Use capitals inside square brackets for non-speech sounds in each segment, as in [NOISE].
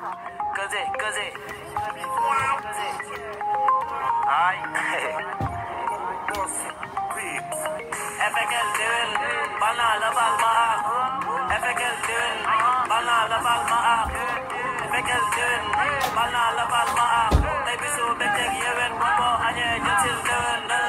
Cause it, cause it. Cause it. Aye. FKL Devil, bana labal maa. FKL Devil, bana labal maa. FKL Devil, bana labal maa. Tay bisu betek Devil.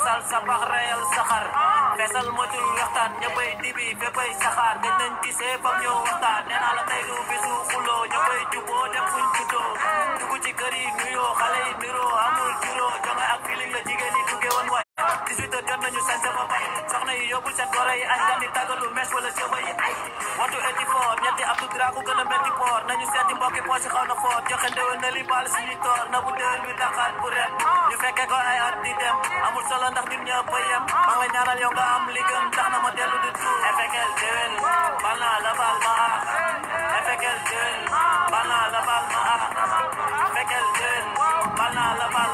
gasal sabax reyal saxar fesal motul waxtaan ñëppay dibi féppay saxaar gëj nañ gisee fam ñoo waxtaan nee naa la tey du bisu xuloo ñëppay juboo dem fuñ juddoo dugg ci kër yi nuyoo xale yi niroo amul juróo jonga ak feeling la jigéen yóbbu seen goro yi añ nga ni tàggalu mes wala jëwa yi watu eti foor ñetti abdu draaku gën a metti poor nañu seeti mbokki poosi xaw na foor joxe ndéwél na li baal suñuy toor na bu déwél bi daqaat bu ren ñu fekke ko ay at di dem amul solo ndax ñun ñëpp a yem maa ngi ñaanal yow nga am ma dellu di tuur bal naa la bal naa la baal ma ah efekel déwél bal naa la baal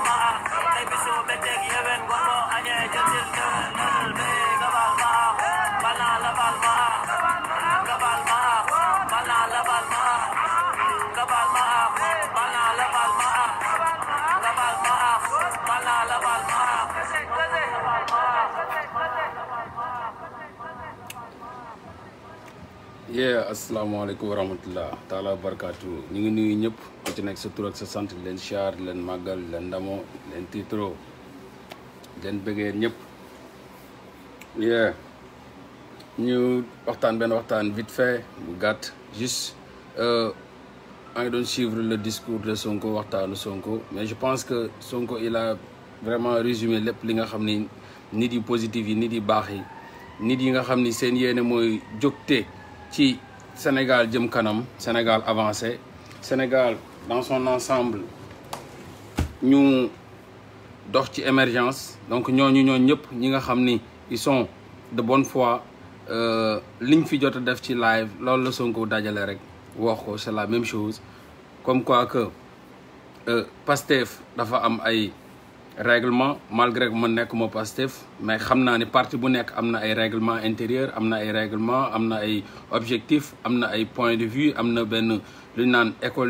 Yeah, assalamu wa warahmatullah. taala wa barakaatu ngi nuyu ñëpp ku ci nekk sa tour ak sa sant len char len magal len ndamo waxtaan vite fait bu juste euh suivre le discours de Sonko waxtaan Sonko mais je pense que Sonko il a vraiment résumé les li nga ni nit yu positif yi nit nga ni seen mooy qui Sénégal jim kanam Sénégal avancé Sénégal dans son ensemble nous dox émergence donc nous, nous, nous, nous, nous, nous, ils sont de bonne foi euh, liñ fi jot nous, live loolu la nous, sommes rek c'est la même chose comme quoi que euh, Pastef dafa am règlement malgré que ma je suis Pastef mais je sais ni parti bu nekk un règlement intérieur un règlement un objectif un point de vue ben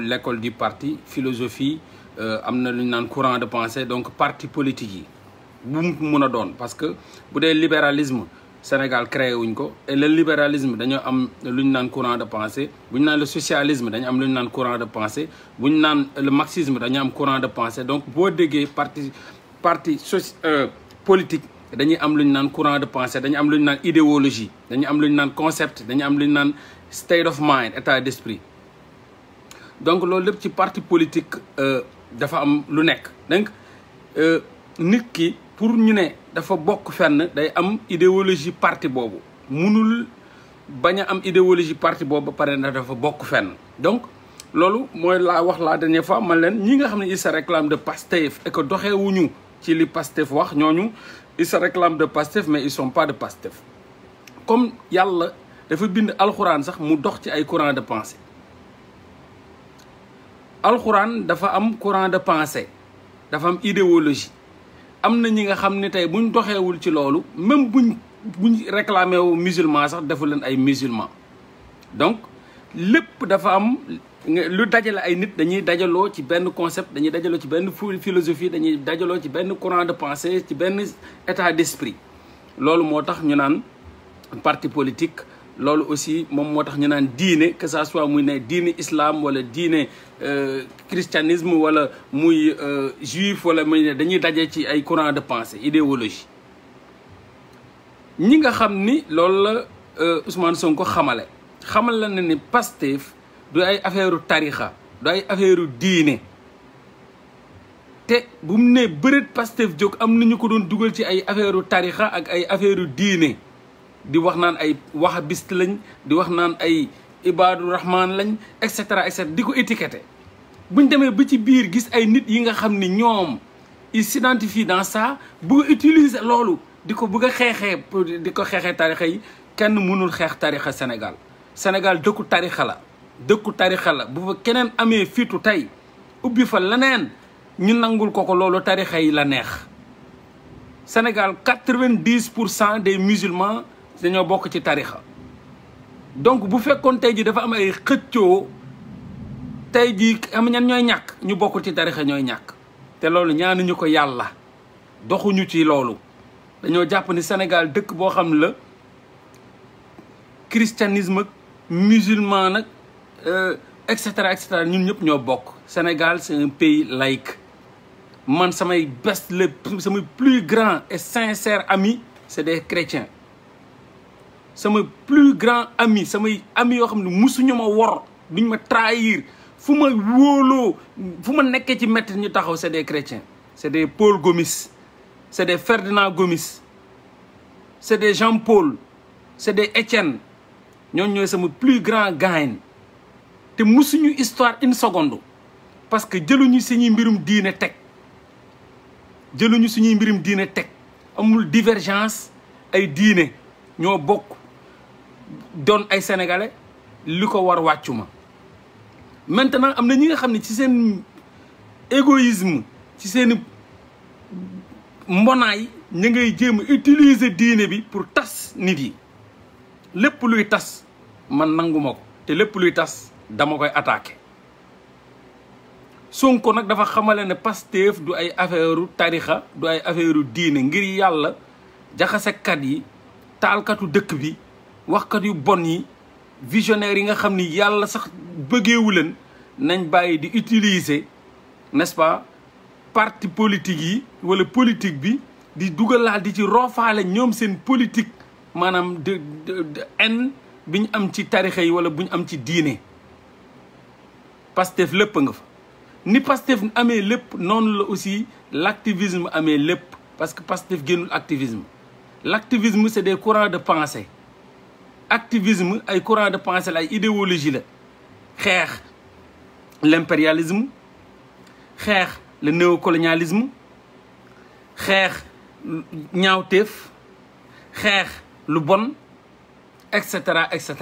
l'école du parti philosophie euh, na courant de pensée donc parti politique yi bu mu parce que le libéralisme, libéralisme Sénégal créé un ko et le libéralisme il am lu courant de pensée le socialisme il am lu courant de pensée le le marxisme un am courant de pensée donc vous déggee parti parti euh, politique dañuy am lu ñu naan courant de pensée dañuy am lu ñu naan idéologie am lu ñu naan concept dañu am lu ñu naan state of mind état d'esprit donc loolu lépp ci parti politique euh, dafa am lu nekk donc euh, nit ki pour ñu ne dafa bokk fenn day am idéologie parti boobu munul bañ a am idéologie parti boobu ba pare na dafa bokk fenn donc loolu mooy laa wax laa dernière fois man leen ñi nga xam ne ils se réclament de Pastef et que doxeewuñu les pasteurs Pastef wax ñooñu ils se réclament de Pastef mais ils sont pas de Pastef comme le dafa bind alcorane sax mu dox ci ay courant de pensée alcorane dafa am courant de pensée dafa am idéologie amna ñi nga xamné tay buñ doxeewul ci lolu même buñ buñ réclamé wu musulman sax defu leen ay musulman donc lepp dafa am lu dajale ay nit dañuy dajaloo ci benn concept dañuy dajaloo ci benn philosophie dañuy dajaloo ci benn courant de pensée ci benn état d'esprit loolu moo tax ñu naan parti politique loolu aussi moom moo tax ñu naan diine que ça soit muy ne diine islam wala diine euh, christianisme wala muy euh, juif wala muy ne dañuy daje ci ay courant de pensée idéologie ñi nga xam ni loolu la euh, Ousmane Sonko xamale xamal la ne ni Pastef du ay affaire tarixa du ay affaire diine te bu mu ne bërët Pastef jóg am ñu ko doon dugal ci ay affaire tarixa ak ay affaire diine di wax naan ay wahabiste lañ di wax naan ay ibaadu rahman lañ et cetera et di ko bu buñ demee ba ci biir gis ay nit yi nga xam ni ñoom ils s'identifient dans ça bëgg utiliser loolu di ko bëgg a xeexee di ko xeexee tarixa yi kenn mënul xeex tarixa Sénégal senegal dëkku tarixa la dëkku tarixa la bu keneen amee fitu tey ubbi fa leneen ñu nangul ko ko loolu yi la neex Sénégal 90% des musulmans dañoo bokk ci donc bu fekkoon tey ji dafa am ay xëccoo tey ji am ñan ñooy ñàkk ñu ci ñooy ñàkk te loolu ñaanuñu ko yàlla doxuñu ci loolu ni Sénégal dëkk christianisme musulman etc. etc. nous cetera ñun ñëpp ñoo Le Sénégal c'est un pays laïque man best le plus grand et sincère ami c'est des chrétiens Mon plus grand ami samay ami yoo xam ne trahissent. ma wor duñ trahir c'est des chrétiens c'est des Paul Gomis c'est des Ferdinand Gomis c'est des Jean Paul c'est des Étienne nous sommes sama plus grands gagnants. te mu suñu histoire une seconde parce que jëluñu suñuy mbirum diine teg jëluñu suñuy mbirum diine teg amul divergence ay diine ñoo bokk doon ay sénégalais li ko war wàccu ma maintenant am na ñi nga xam ne ci seen égoïsme ci seeni mbonaay ñu ngay jéem a utiliser diine bi pour tas nit yi lépp luy tas man nanguma ko te lépp luy tas dama koy attaqué Sonko nag dafa xamale ne Pastef du ay affaireu tarixa du ay affaireu diine ngir yàlla jaxasekat yi taalkatu dëkk bi waxkat yu bon yi visionnaire yi nga xam ni yàlla sax bëggeewu leen nañ bàyyi di utiliser n'est-ce pas parti politique yi wala politique bi di dugalaal di ci roofaale ñoom seen politique maanaam de de haine bi ñu am ci tarixa yi wala bu am ci diine Pastef lepp nga ni Pastef amé lepp non la aussi l'activisme l'activisme lepp parce que Pastef génnul activisme l'activisme l'activisme. des courants de pensée activisme ay courants de pensée la idéologie la xex l'impérialisme. le néocolonialisme xex ñaawteef xex lu bon Etc. Etc.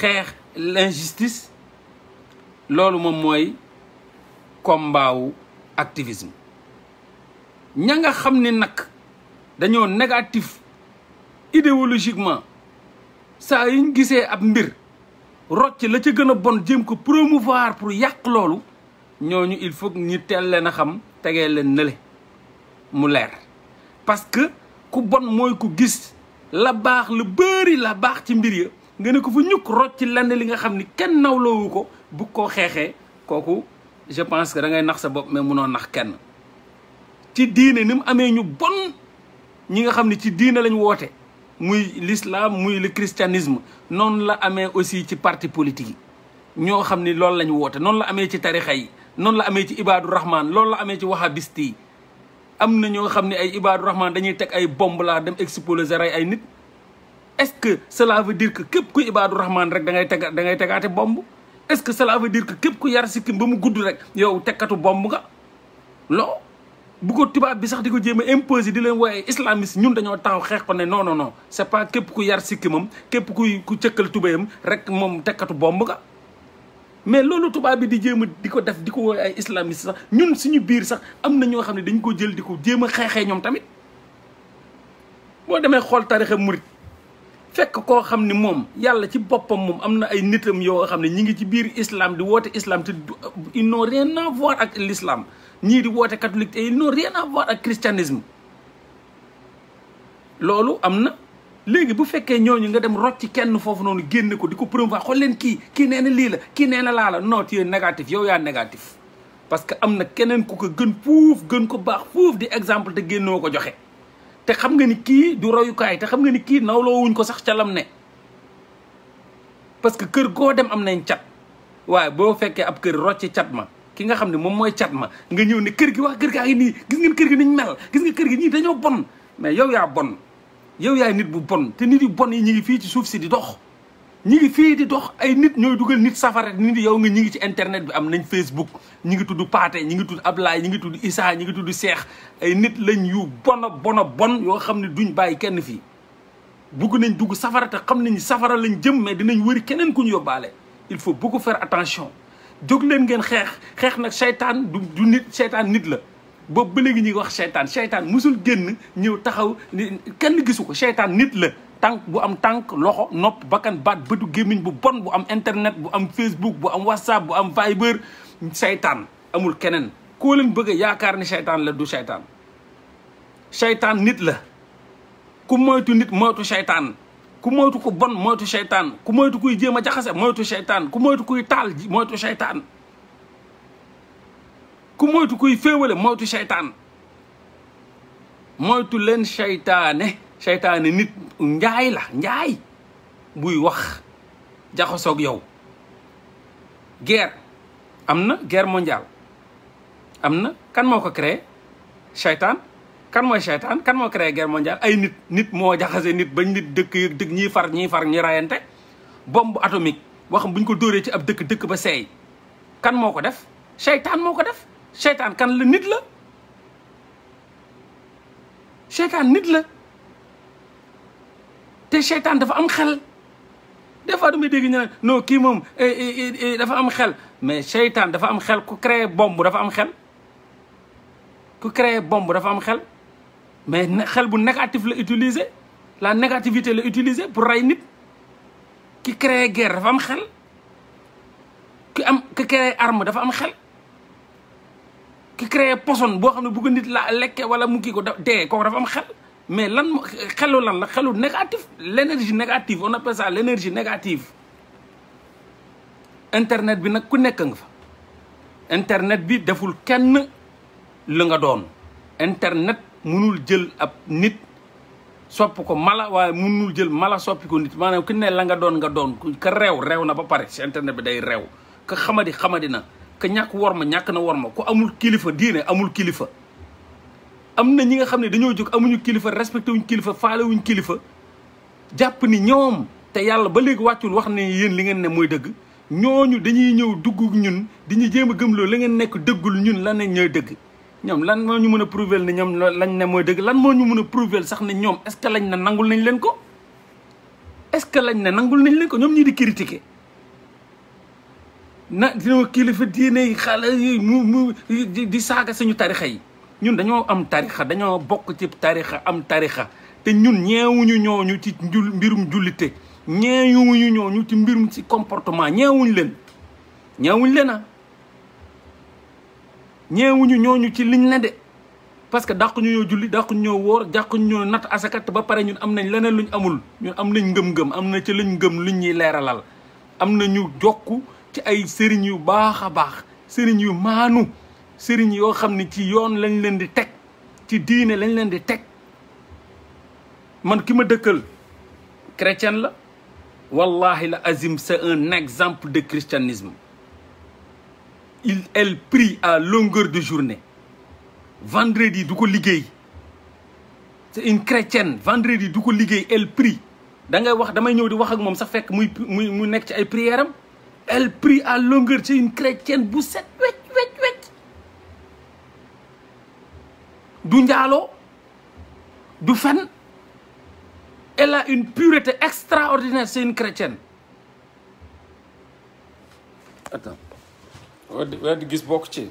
xex l'injustice. loolu moom mooy combat wu activisme ña nga xam ne nag dañoo négatif idéologiquement saa yuñ gisee ab mbir rocc la ca gën a bon jéem ko promouvoir pour yàq loolu ñooñu il faut ñu teel leen a xam tegee leen nële mu leer parce que ku bon mooy ku gis la baax la bëri la baax ci mbir ya nga ne ko fa ñukk rocc lenn li nga xam ni kenn nawloowu ko bu ko xeexee kooku je pense que da ngay nax sa bopp mais munoo nax kenn ci diine ni mu amee ñu bon ñi nga xam ne ci diine lañ woote muy l'islam muy le christianisme noonu la amee aussi ci parti politique yi ñoo xam ni loolu lañ woote noonu la amee ci tarixa yi noonu la amee ci ibaadu rahman loolu la amee ci wahabiste yi am na ñoo xam ni ay ibaadu rahman dañuy teg ay bomb laa dem exploser ay nit est-ce que cela veut dire que képp ku ibaadu rahman rek da ngay da ngay tegaate bomb est-ce que cela veut dire que képp ku yar sikkim ba mu gudd rek yow tekkatu bomb nga loo bu ko tubaab bi sax di ko jéem a imposer di leen wooye islamiste ñun dañoo taxaw xeex ko ne non non non c'est pas képp ku yar sikkimam képp kuy ku cëkkal tubéyam rek moom tekkatu bomb nga mais loolu tubaab bi di jéem a di ko def di ko wooye ay islamiste sax ñun suñu biir sax am na ñoo xam ne dañ ko jël di ko jéem a xeexee ñoom tamit boo demee xool tarixa murit fekk koo xam ni moom yàlla ci boppam moom am na ay nitam yoo nga xam ne ñi ngi ci biir islam di woote islam te ils n'ont rien à ak l'islam ñii di woote catholique te ils n'ont rien à ak christianisme loolu am na léegi bu fekkee ñooñu nga dem rocc kenn foofu noonu génne ko di ko promouvoir xool leen kii kii nee na lii la kii nee na laa la non tu es négatif yow yaa négatif parce que am na keneen ku ko gën fuuf gën ko baax fuuf di exemple te génnoo ko joxe te xam nga ni kii du royukaay te xam nga ni kii nawloo wuñ ko sax ca lam ne parce que kër goo dem am nañ cat waaye boo fekkee ab kër rocc cat ma ki nga xam ne moom mooy cat ma nga ñëw ne kër gi wax kër gaa ngi nii gis ngeen kër gi niñ mel gis nga kër gi ñii dañoo bon mais yow yaa bon yow yaay nit bu bon te nit yu bon yi ñu ngi fii ci suuf si di dox ñi fi di dox ay nit ñoy duggal nit safara nit yow nga ñi ci internet bi am nañ Facebook ñi ngi tudd Paate ñi ngi tudd Ablaye ñi ngi tuddu Issa ñi ngi tudd Seex ay nit lañ yu bono bono bon yo xamni duñ bàyyi kenn fi bugg nañ dugg safara te xam nañ safara lañ jëm mais dinañ wëri keneen ku ñu yóbbaale il faut beaucoup faire attention jóg leen ngeen xeex xeex nak shaytan du du nit shaytan nit la boobu ba légui ñi wax shaytan shaytan musul génn ñew taxaw kenn gisuko shaytan nit la tànk bu am tànk loxo nopp bakkan baat bëtu gémmiñ bu bon bu am internet bu am facebook bu am whatsapp bu am viber seytaan amul keneen koo leen bëgg yaakaar ni seytaan la du seytaan seytaan nit la ku moytu nit moytu seytaan ku moytu ku bon moytu seytaan ku moytu kuy jéem a jaxase moytu seytaan ku moytu kuy taal moytu seytaan ku moytu kuy féewale moytu seytaan moytu leen seytaane seytaane nit njaay la njaay buy wax jaxasoog yow guerre am na guerre mondiale am na kan moo ko créé seytaan kan mooy seytaan kan moo créé guerre mondiale ay nit nit moo jaxase nit bañ nit dëkk yëg dëkk ñiy far ñiy far ñi rayante bombe atomique wax buñ ko dooree ci ab dëkk dëkk ba seey kan moo ko def seytaan moo ko def seytaan kan la nit la seytaan nit la te shaytan dafa am xel des fois damay dégg ñu ne non kii moom eh, eh, eh, dafa am xel mais shaytan dafa am xel ku créer bombe dafa am xel ku créer bombe dafa am xel mais xel bu négatif la utiliser la négativité la utiliser pour ray nit ki créer guerre dafa am xel ki am ki créer arme dafa am xel ki créer poison bo xamne bu ko nit la lekke wala mu kii ko dé ko dafa am xel mais lan xelu lan la xelu négatif l'énergie négative on appelle ça l'énergie négative internet bi nag ku nekk nga fa internet bi deful kenn la nga doon internet munul jël ab nit sopp ko mala waaye munul jël mala soppi ko nit maanaam ku ne la nga doon nga doon ka réew réew na ba pare si internet bi day réew ka xamadi xamadi na ka ñàkk wor ma ñàkk na wor ma ku amul kilifa diine amul kilifa am na ñi nga xam ne dañoo jóg amuñu kilifa respecté wuñ kilifa faale wuñ kilifa jàpp ni ñoom te yàlla ba léegi wàccul wax ne yéen li ngeen ne mooy dëgg ñooñu dañuy ñëw dugg ñun diñuy jéem a gëmloo la ngeen nekk dëggul ñun lan ne ñooy dëgg ñoom lan ñu mën a prouver ne ñoom lañ ne mooy dëgg lan moo ñu mën a prouver sax ne ñoom est-ce lañ na nangul nañ leen ko est-ce que lañ ne nangul nañ leen ko ñoom ñii di critiquer na dina kilifa diine xale mu mu di saaga suñu tarixa yi ñun dañoo am tarixa dañoo bokk ci tarixa am tarixa te ñun ñeewuñu ñooñu ci mbirum jullite ñeewuñu ñooñu ci mbirum ci comportement ñeewuñ leen ñeewuñ leen ah ñeewuñu ñooñu ci liñ la de parce que dàq ñu ñoo julli dàq ñu ñoo wóor dàq ñu ñoo natt asakat ba pare ñun am nañ leneen luñ amul ñun am nañ ngëm-ngëm am na ci luñ ngëm luñ ñuy leeralal am na ñu jokk ci ay sëriñ yu baax a baax sëriñ yu maanu serigne yo xamni ci yoon lañ leen di teg ci diine lañ leen di teg man ki ma dëkkal chrétien la wallahi la azim c'est un exemple de christianisme il elle prie à longueur de journée vendredi du ko liggéey c'est une chrétienne vendredi du ko liggéey elle prie da ngay wax damay ñëw di wax ak mom sa fekk muy muy nekk ci ay prières elle prie à longueur c'est une chrétienne bu set du du elle a une pureté extraordinaire c'est une chrétienne attends où gis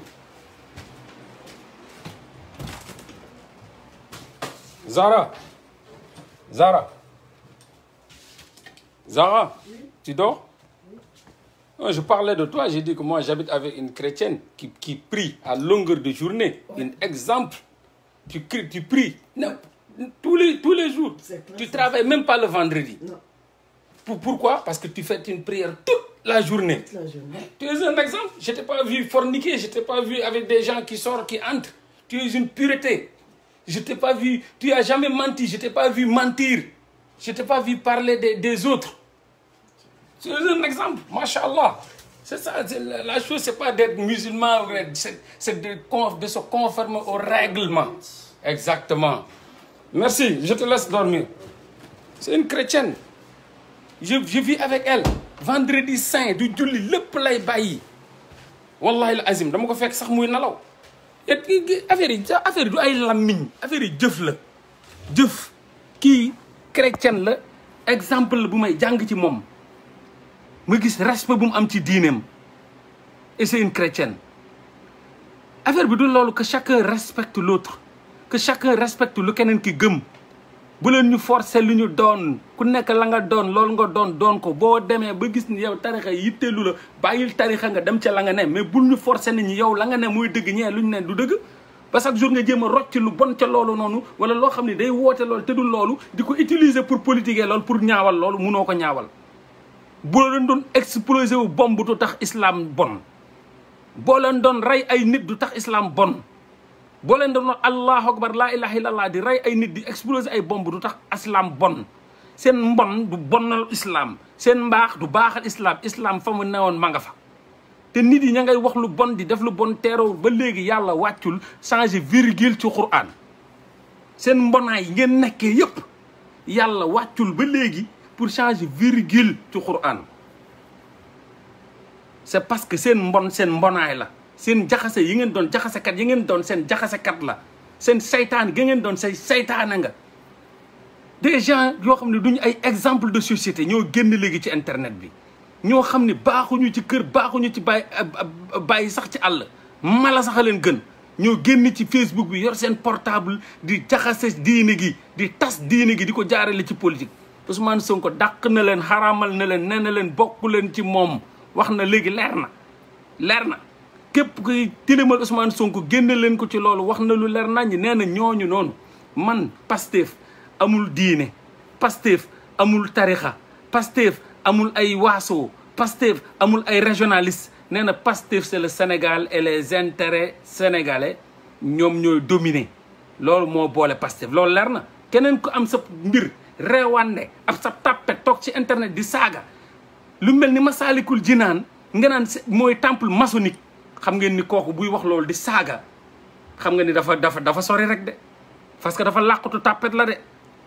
Zara Zara Zara tu dors je parlais de toi j'ai dit que moi j'habite avec une chrétienne qui qui prie à longueur de journée un exemple tu tu pries. Tous les, tous les jours. Tu travailles même pas le vendredi. pourquoi Parce que tu fais une prière toute la journée. Tu es un exemple. Je t'ai pas vu forniquer, je t'ai pas vu avec des gens qui sortent, qui entrent. Tu es une pureté. Je t'ai pas vu, tu as jamais menti, je t'ai pas vu mentir. Je t'ai pas vu parler des, des autres. es un exemple, machallah c'est ça, la chose, c'est pas d'être musulman, c'est de, se conformer aux règlements. Exactement. Merci, je te laisse dormir. C'est une chrétienne. Je, vis avec elle. Vendredi saint, du julli, le play Wallah Wallahi azim, je ko sais sax muy nalaw. Affaire yi, affaire du ay lamiñ, affaire yi la. qui chrétienne exemple le may nga gis respect bu mu am ci diineem et c'est une chrétienne affaire bi du loolu que chacun respecte l'autre que chacun respecte lu keneen ki gëm bu leen ñu forcer lu ñu doon ku nekk la nga doon loolu nga doon doon ko boo demee ba gis ni yow tarixa yitteelu la bàyyil tarixa nga dem ca la nga ne mais bul ñu forcer nit ñi yow la nga ne mooy dëgg ñee lu ñu ne du dëgg ba chaque jour nga jéem a rocc lu bon ca loolu noonu wala loo xam ne day woote loolu te du loolu di ko utiliser pour politiquer loolu pour ñaawal loolu munoo ko ñaawal bu leen doon explosé wu bombe du tax islam bon boo leen doon rey ay nit du tax islam bon boo leen doon allahu akbar laa ilaha illallah di rey ay nit di explosé ay bombe du tax islam bon seen mbon du bonal islam seen mbaax du baaxal islam islam fa mu newoon ma nga fa te nit yi ña ngay wax lu bon di def lu bon teeroo ba léegi yàlla wàccul changé virgule ci Qur'an seen mbonaay ngeen nekkee yépp yàlla wàccul ba léegi pour changer virgule ci Qur'an c'est parce que seen mbon seen mbonaay la seen jaxase yi ngeen doon jaxasekat yi ngeen doon seen jaxasekat la seen saytaan gi ngeen doon say saytaane nga des gens yoo xam ne duñu ay exemple de société ñoo génn léegi ci internet bi ñoo xam ne baaxuñu ci kër baaxuñu ci bàyyi bàyyi sax ci àll mala sax a leen gën ñoo génn ci Facebook bi yor seen portable di jaxase diine gi di tas diine gi di ko jaarale ci politique Ousmane Sonko dàq na leen xaraamal na leen nee na leen bokk leen ci moom wax na léegi leer na leer na képp kuy tilimal Ousmane Sonko génne leen ko ci loolu wax na lu leer naññ nee na ñooñu noonu man Pastef amul diine Pastef amul tarixa Pastef amul ay waaso Pastef amul ay régionaliste nee na Pastef c'est le Sénégal et les intérêts sénégalais ñoom ñooy dominer loolu moo boole Pastef loolu leer na keneen ku am sa mbir reewande ab sa tàppet toog ci internet di saaga lu mel ni ma saalikul ji naan mooy temple maçonnique xam ngeen ni kooku buy wax loolu di saaga xam nga ni dafa dafa dafa sori rek de parce que dafa làqutu tàppet la de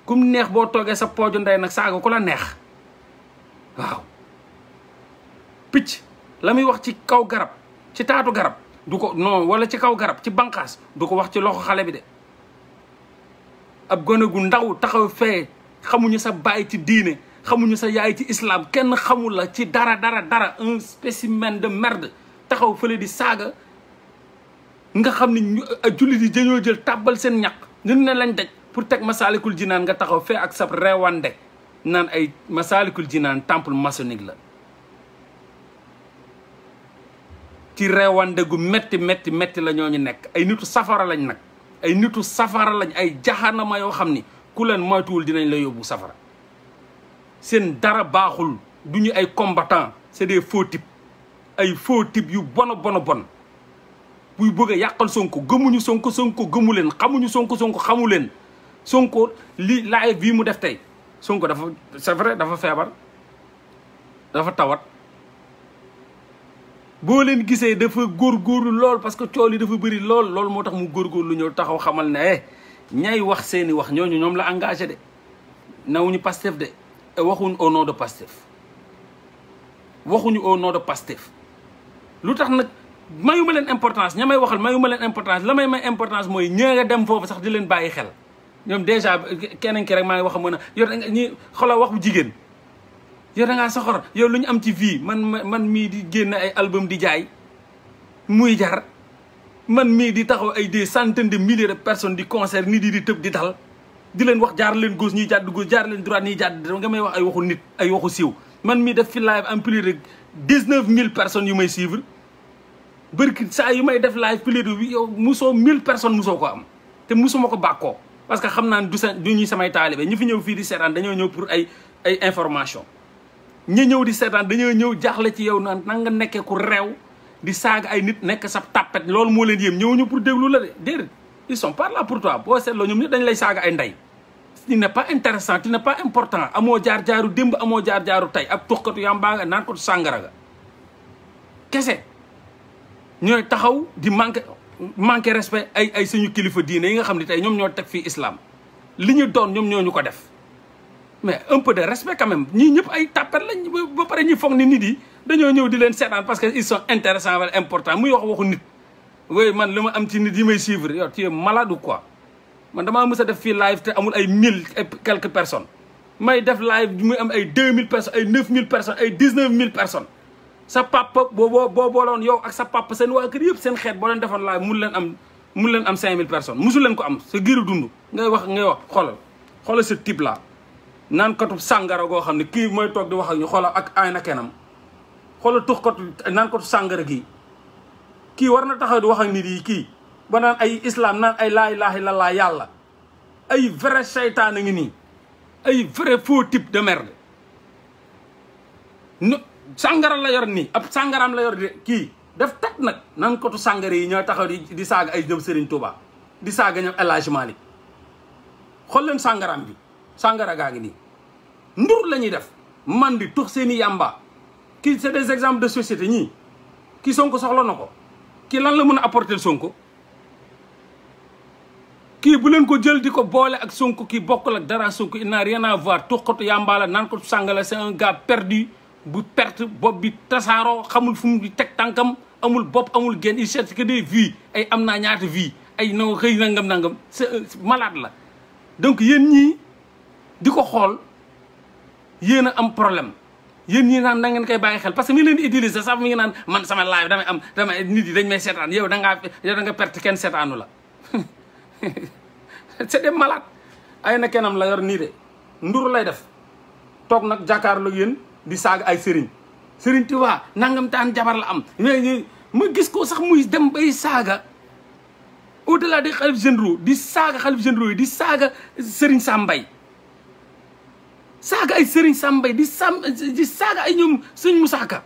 kum neex boo toogee sa pooju ndey nag saaga ku la neex waaw picc la muy wax ci kaw garab ci taatu garab du ko non wala ci kaw garab ci banqaas du ko wax ci loxo xale bi de ab gone gu ndaw taxaw fee xamuñu sa baay ci diine xamuñu sa yaay ci islam kenn xamul la ci dara dara dara un spécimen de merde taxaw fële di saaga nga xam ni jullit yi dañoo jël tàbbal seen ñax ñun ne lañ daj pour teg masaalikul jinaan nga taxaw fee ak sab reewande naan ay masaalikul jinaan temple maçonnique la ci reewande gu metti metti metti la ñoo ñu nekk ay nitu safara lañ nag ay nitu safara lañ ay jaxanama yoo xam ni ku leen moytuwul dinañ la yóbbu safara seen dara baaxul du ñu ay combattant c'est des faux types ay faux types yu bona bona bon buy bëgg a yàqal sonko gëmuñu sonko sonko gëmu leen xamuñu sonko sonko xamu leen sonko li live bii mu def tey sonko dafa c'est dafa feebar dafa tawat boo leen gisee dafa góor góorgóorlu lool parce que cool yi dafa bëri lool loolu moo tax mu lu ñëw taxaw xamal ne eh, ñay wax seeni wax ñooñu ñoom la engagé de nawuñu Pastef de waxuñu au nom de Pastef waxuñu au nom de Pastef lu tax nag mayuma leen importance ña may waxal mayuma leen importance la may may importance mooy ñëwee dem foofu sax di leen bàyyi xel ñoom déjà keneen ki rek maa ngi wax mën a yow da nga ñi xoolal waxu jigéen yow da ngaa soxor yow lu ñu am ci vie man man mii di génn ay album di jaay muy jar man mii di taxaw ay de centaines de milliers de personnes di concert nit yi di tëb di dal di leen wax jaar leen gauche ñuy jàdd gauche jaar leen droite ñuy jàdd nga may wax ay waxu nit ay waxu siiw man mii def fi live am plus de dix-neuf mille personnes yu may suivre bërki saa yu may def live plus de yow musoo mille personnes musoo ko am te musuma ko bàkkoo parce que xam naa du sa du ñuy samay taalibe ñu fi ñëw fii di seetaan dañoo ñëw pour ay information ñi ñëw di seetaan dañoo ñëw jaaxle ci yow naan nan nga nekkee ku réew di saga ay nit nek sa tapet mo len yem ñew ñu pour deglu la de ils sont pas là pour toi boo lo ñum ñëpp dañ lay saga ay nday ni n'est pas intéressant n'est pas important amo jaar-jaaru demb amo jaar-jaaru tey ab tuxkatu yàmbaa nga nan ko sangara ga kese ñoy taxaw di manqué manqué respect ay ay suñu kilifa diine yi nga xamni tay ñom ñoo tek fi islam li ñu doon ñom ñoo ñu ko def mais un peu de respect quand même ñi ñep ay tapet lañ ba paré ñi fogg ni nit yi parce que ils sont intéressants et importants muy wax waxu nit. oui man li am ci nit suivre tu es malade ou quoi man damaa mës def live te amul ay mille quelques personnes may def live muy am ay personnes ay neuf personnes ay dix personnes. sa papa boo boo boo booloon yow ak sa papa seen waa kër seen leen live mun leen am am personnes Mosul leen ko am sa giiru dund ngay wax ngay wax type là di wax ak xol tuh kot nan kot sàngara gi ki warna taxaw di wax ak nit yi ki ba nan ay islam nan ay la ilaha illallah yalla ay vrai shaytan ngi ni ay vrai faux type de merde nu sàngara la yor ni ap sangaram la yor ki def def nak nan ko tu sangare yi ñoy taxaw di di ay ñoom Serigne Touba di sag ñom El malik xol leen bi sangara gaa ni ndur lañuy def man di tux qui c'est des exemples de société qui sont qui sont na ko qui lan la mën a apporter Sonko kii bu ko n'a rien à voir tout yàmbaala Ils ko c'est un gars perdu bu perte bobby bi tasaaroo xamul fu mu teg de amul bob amul il cherche que des vies no c'est euh, malade donc a ni problème yeen ñi naan da ngeen koy bàyyi xel parce que mi leen idéalisé sa mi ngi naan man sama live dama am dama nit yi dañ may seetaan yow da nga yow da nga perte ken seetaanu la [LAUGHS] c'est des malades ay na kenam la yor ni de nduru lay def yeen di saga ay sëriñ sëriñ Tuubaa nangam taan jabar la am ñi ma gis ko sax muy dem bay saga au delà des khalif di saga khalif généraux di saga serigne sambay saaga ay Serigne Sambay di sam di saaga ay ñoom sëñ Moussa Ka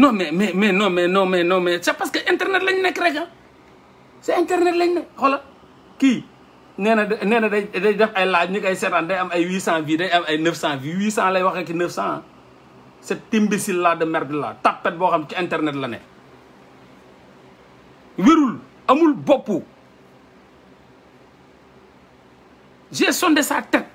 non mais mais mais non mais non mais non mais c'est parce que internet la nekk rek ah c'est internet lañ nekk xoola kii nee na nee na day day def ay laaj ñu koy seetaan day am ay 800 vues day am ay 900 vues 800 lay wax ak 900 ah. cet imbécile là de merde là tapette boo xam ci internet la ne wérul amul bopp j'ai sondé sa tête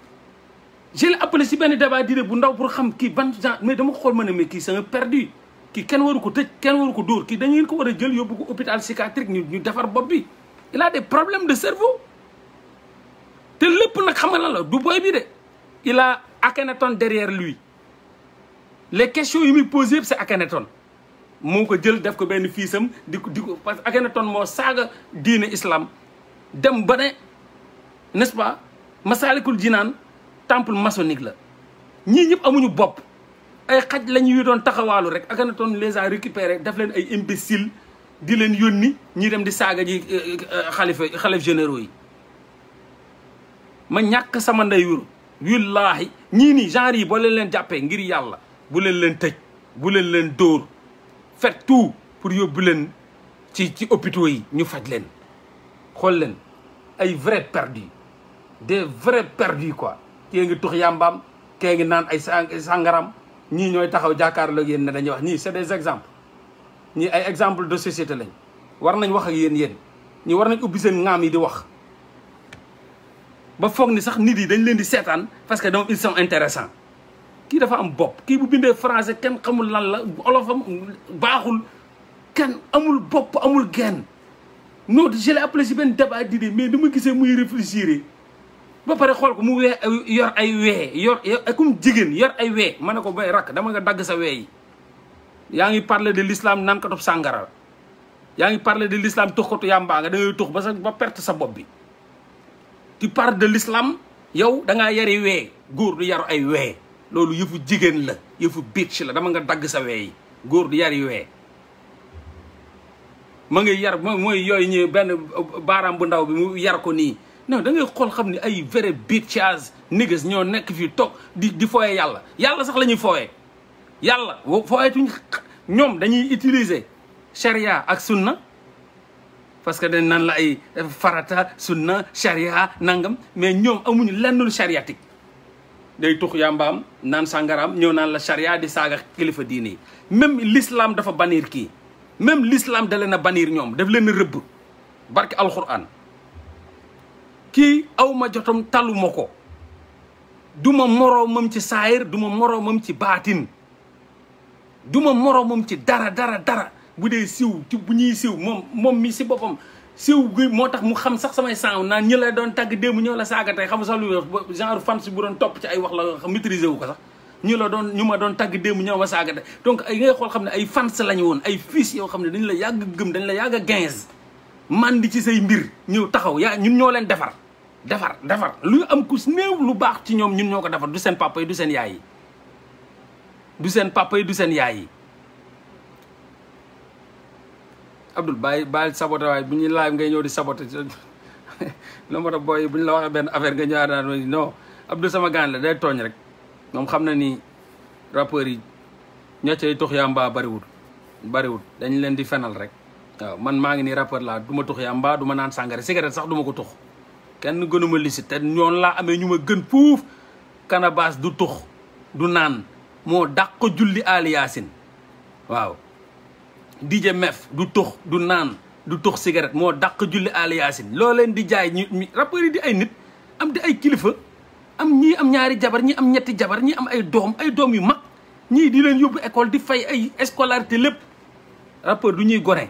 je l'ai appelé si benn débat dire bu ndaw pour xam kii ban genre mais dama ko xool ma ne mais kii c'est un perdu kii kenn waru ko tëj kenn waru ko dóor kii da ngeen ko war a jël yóbbu ko hôpital psychiatrique ñu ñu defar bopp bi il a des problèmes de cerveau te lépp nag xam nga lan la du boy bi de il a Akhenaton derrière lui les questions yu muy posé yëpp c'est Akhenaton moo ko jël def ko benn fiisam di ko di ko parce que Akhenaton moo saaga diine islam dem ba ne n'est-ce pas Masalikul Jinaan temple maçonnique la ñii ñëpp amuñu bopp ay xaj lañu yu doon taxawaalu rek Akhenaton les a récupéré daf leen ay imbécile di leen yónni ñii dem di saaga ji euh, euh, xalifa xalif généraux yi ma ñàkk sama ndeyur wallaahi ñii nii genre yi boo leen leen jàppee ngir yàlla bu leen leen tëj bu leen leen dóor fait tout pour yóbbu leen ci ci hôpitaux yi ñu faj leen xool leen ay vrais perdus des vrais perdus quoi kee ngi tux yàmbaam kee ngi naan ay sàngaram ñii ñooy taxaw jàkkaarloo ak na dañuy wax ñii c'est des exemples ñii ay exemple de société lañ war nañ wax ak yéen yéen ñi war nañ ubbi seen ŋaam yi di wax ba foog ni sax nit yi dañ leen di seetaan parce que donc ils sont intéressant kii dafa am bopp kii bu bindee français kenn xamul lan la olofam baaxul kenn amul bopp amul genn non je l'ai appelé si benn débat d'idée mais dama gisee muy réfléchir ba pare xol ko mu wé yor ay wé yor akum jigen yor ay wé ma ko bay rak dama nga dag sa wé yi yaangi parler de l'islam nan ko top sangara yaangi parler de l'islam tux kotu yàmbaa nga da ngay tokh ba sa ba perte sa bopp bi tu parles de l'islam yow da nga yari wé gor du yar ay wé lolou yefu jigen la yefu bitch la dama nga dag sa wé yi gor du yari wé ma ngi yar moy yoy ñëw ben baram bu ndaw bi mu yar ko ni non dangay ngay xool xam ni ay vrai bitches niggas ñoo nekk fii toog di di fooye yàlla yàlla sax la ñuy fooye yàlla fooyetuñ ñoom dañuy utilise charia ak sunna parce que dañ nan la ay farata sunna charia nangam mais ñoom amuñu lenn lu chariatique day tux yàmbaam naan sàngaraam ñëw naan la charia di saaga kilifa diine yi même l'islam dafa baniir kii même l'islam da na baniir ñoom def leen a rëbb barke alquran kii awma jotom taluma ko du ma moroomam ci saayir du ma moroomam ci baatin du ma moroomam ci dara dara dara bu dee siw ci bu ñuy siw moom moom mi si boppam siw gi moo tax mu xam sax samay saaw naan ñi la doon tàgg démb ñoo la saaga tey xam sax lu genre fan si bu doon topp ci ay wax la maîtriser wu ko sax ñu la doon ñu ma doon tàgg démb ñoo ma saaga tey donc ay ngay xool xam ne ay fans lañu woon ay fiis yoo xam ne dañ la yàgg gëm dañ la yàgg a mandi di ci say mbir ñëw taxaw ya ñun ñoo leen défar défar défar lu am kus neew lu baax ci ñom ñun ñoko défar du sen papa yi du sen yaay yi du sen papa yi du sen yaay yi Abdoul bàyyi no saboté ngay di saboté lo [LAUGHS] la ben affaire nga ñaar non Abdul sama gan la day togn rek moom xamna ni rappeurs yi ña mba bari yàmbaa bari bariwul dañ leen di fenal rek man ma ngi ni rapport la duma tux ya mba duma nan sangare cigarette sax duma ko tux kenn gënuma lisi te ñoon la amé ñuma ma gën fuuf cannabis du tux du naan moo dàq julli Ali Yacine waaw DJ Mef du tux du nan du tux cigarette moo dàq julli Ali Yacine lo leen di jaay ñu yi di ay nit am di ay kilifa am ñi am ñaari jabar ñi am ñetti jabar ñi am ay dom ay domi yu mak ñi di leen yobbu école di fay ay scolarité lepp rapport du ñuy gore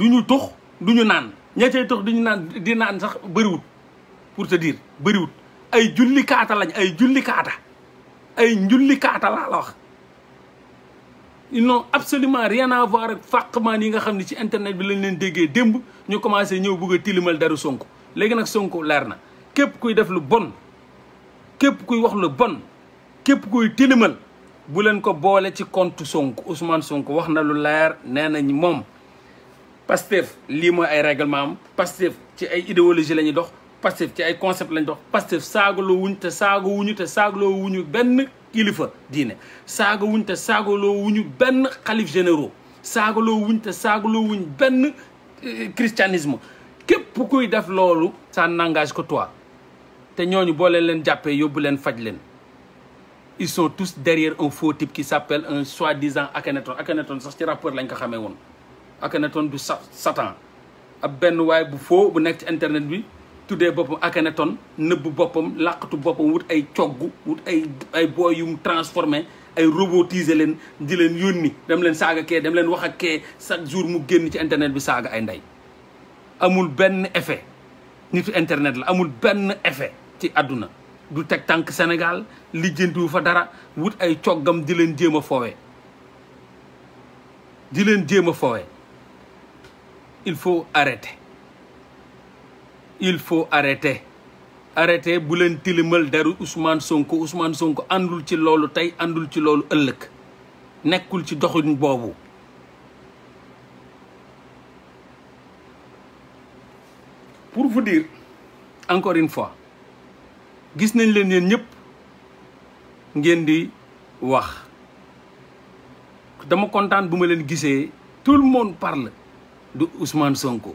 du ñu tux du ñu naan ña cay tux du naan di naan sax bëriwut pour te dire bëriwut ay julli kaata lañ ay julli kaata ay njulli kaata laa la wax ils n'ont absolument rien à voir ak fàqmaan yi nga xam ne ci internet bi lañ leen déggee démb ñu commencé ñëw bëgg a tilimal daru Sonko léegi nag Sonko leer na képp kuy def lu bon képp kuy wax lu bon képp kuy tilimal bu leen ko boole ci compte Sonko Ousmane Sonko wax na lu leer nee nañ moom Pastef lii mooy ay réglement am Pastef ci ay idéologie la ñuy dox Pastef ci ay concept la ñuy dox Pastef saagaloo wuñ te saagaloo wuñu te saagaloo wuñu benn kilifa diine saaga wuñ te saagaloo wuñu benn xalif généraux saagaloo wuñ te saagaloo wuñ benn euh, christianisme képp kuy def loolu ça nangage que toi te ñooñu boo leen leen jàppee yóbbu leen faj leen ils sont tous derrière un faux type qui s'appelle un soi-disant Akhenaton Akhenaton sax ci rappeur lañ ko xamee woon Akhenaton du satan ab benn waaye bu foo bu nekk ci internet bi tuddee boppam Akhenaton nëbb boppam làqatu boppam wut ay cogg wut ay ay booy yum transformé ay robotiser leen di leen yónni dem leen saaga kee dem leen wax ak kee chaque jour mu génn ci internet bi saaga ay ndey amul benn effet nitu internet la amul benn effet ci àdduna du teg tànk Sénégal lijjantiwu fa dara wut ay coggam di leen jéem a foowee di leen jéem a foowee il faut arrêter il faut arrêter arrêter bu leen tilimal deru Ousmane sonk Ousmane Sonko àndul ci loolu tey àndul ci loolu ëllëg nekkul ci doxin boobu pour vous dire encore une fois gis nañ leen yéen ñëpp ngeen di wax dama kontaan bu ma leen gisee tout le monde parle de Ousmane Sonko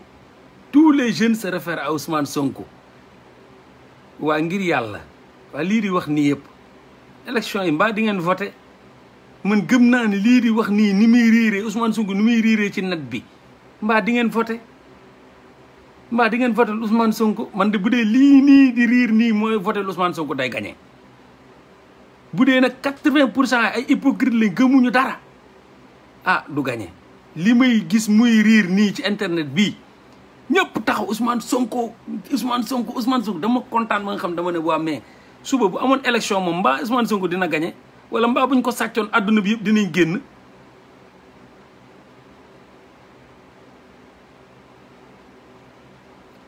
tous les jeunes se réfèrent à Ousmane Sonko Wa ngir Yalla wa li di wax ni yëpp élection yi mbaa di ngeen voter man gëm na ni li di wax ni ni muy riiree Ousmane Sonko ni muy riiree ci net bi mbaa di ngeen voter mbaa di ngeen voter Ousmane Sonko man de budé li ni di riir ni moy voter Ousmane Sonko day gagner. bu nak 80% ay hypocrite gëmuñu dara ah du gagner. li may gis muy riir nii ci internet bi ñëpp taxaw Ousmane Sonko Ousmane Sonko usman Sonko dama kontaan ba nga xam dama ne waa mais suba bu amoon élection moom mbaa Ousmane Sonko dina gañe wala mbaa buñ ko sàccoon adduna bi yëpp dinañ génn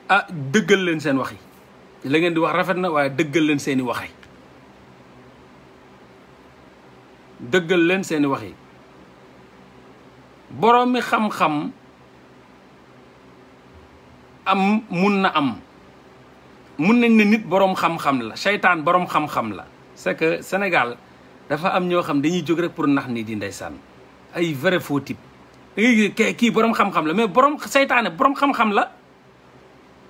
ah dëggal leen seen wax yi la ngeen di wax rafet na waaye dëggal leen seeni wax yi dëggal leen seeni wax yi boroomi xam-xam am mun na am mun nañ ne nit boroom xam-xam la seytaan boroom xam-xam la c'est que Sénégal dafa am ñoo xam dañuy jóg rek pour nax nii di ndeysaan ay vrai faux type dangay kii boroom xam-xam la mais boroom seytaane boroom xam-xam la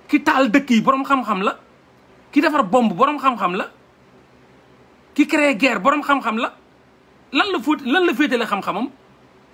ki taal dëkk yi boroom xam-xam la ki defar bomb boroom xam-xam la ki créé guerre boroom xam-xam la lan la fóot lan la féetale xam-xamam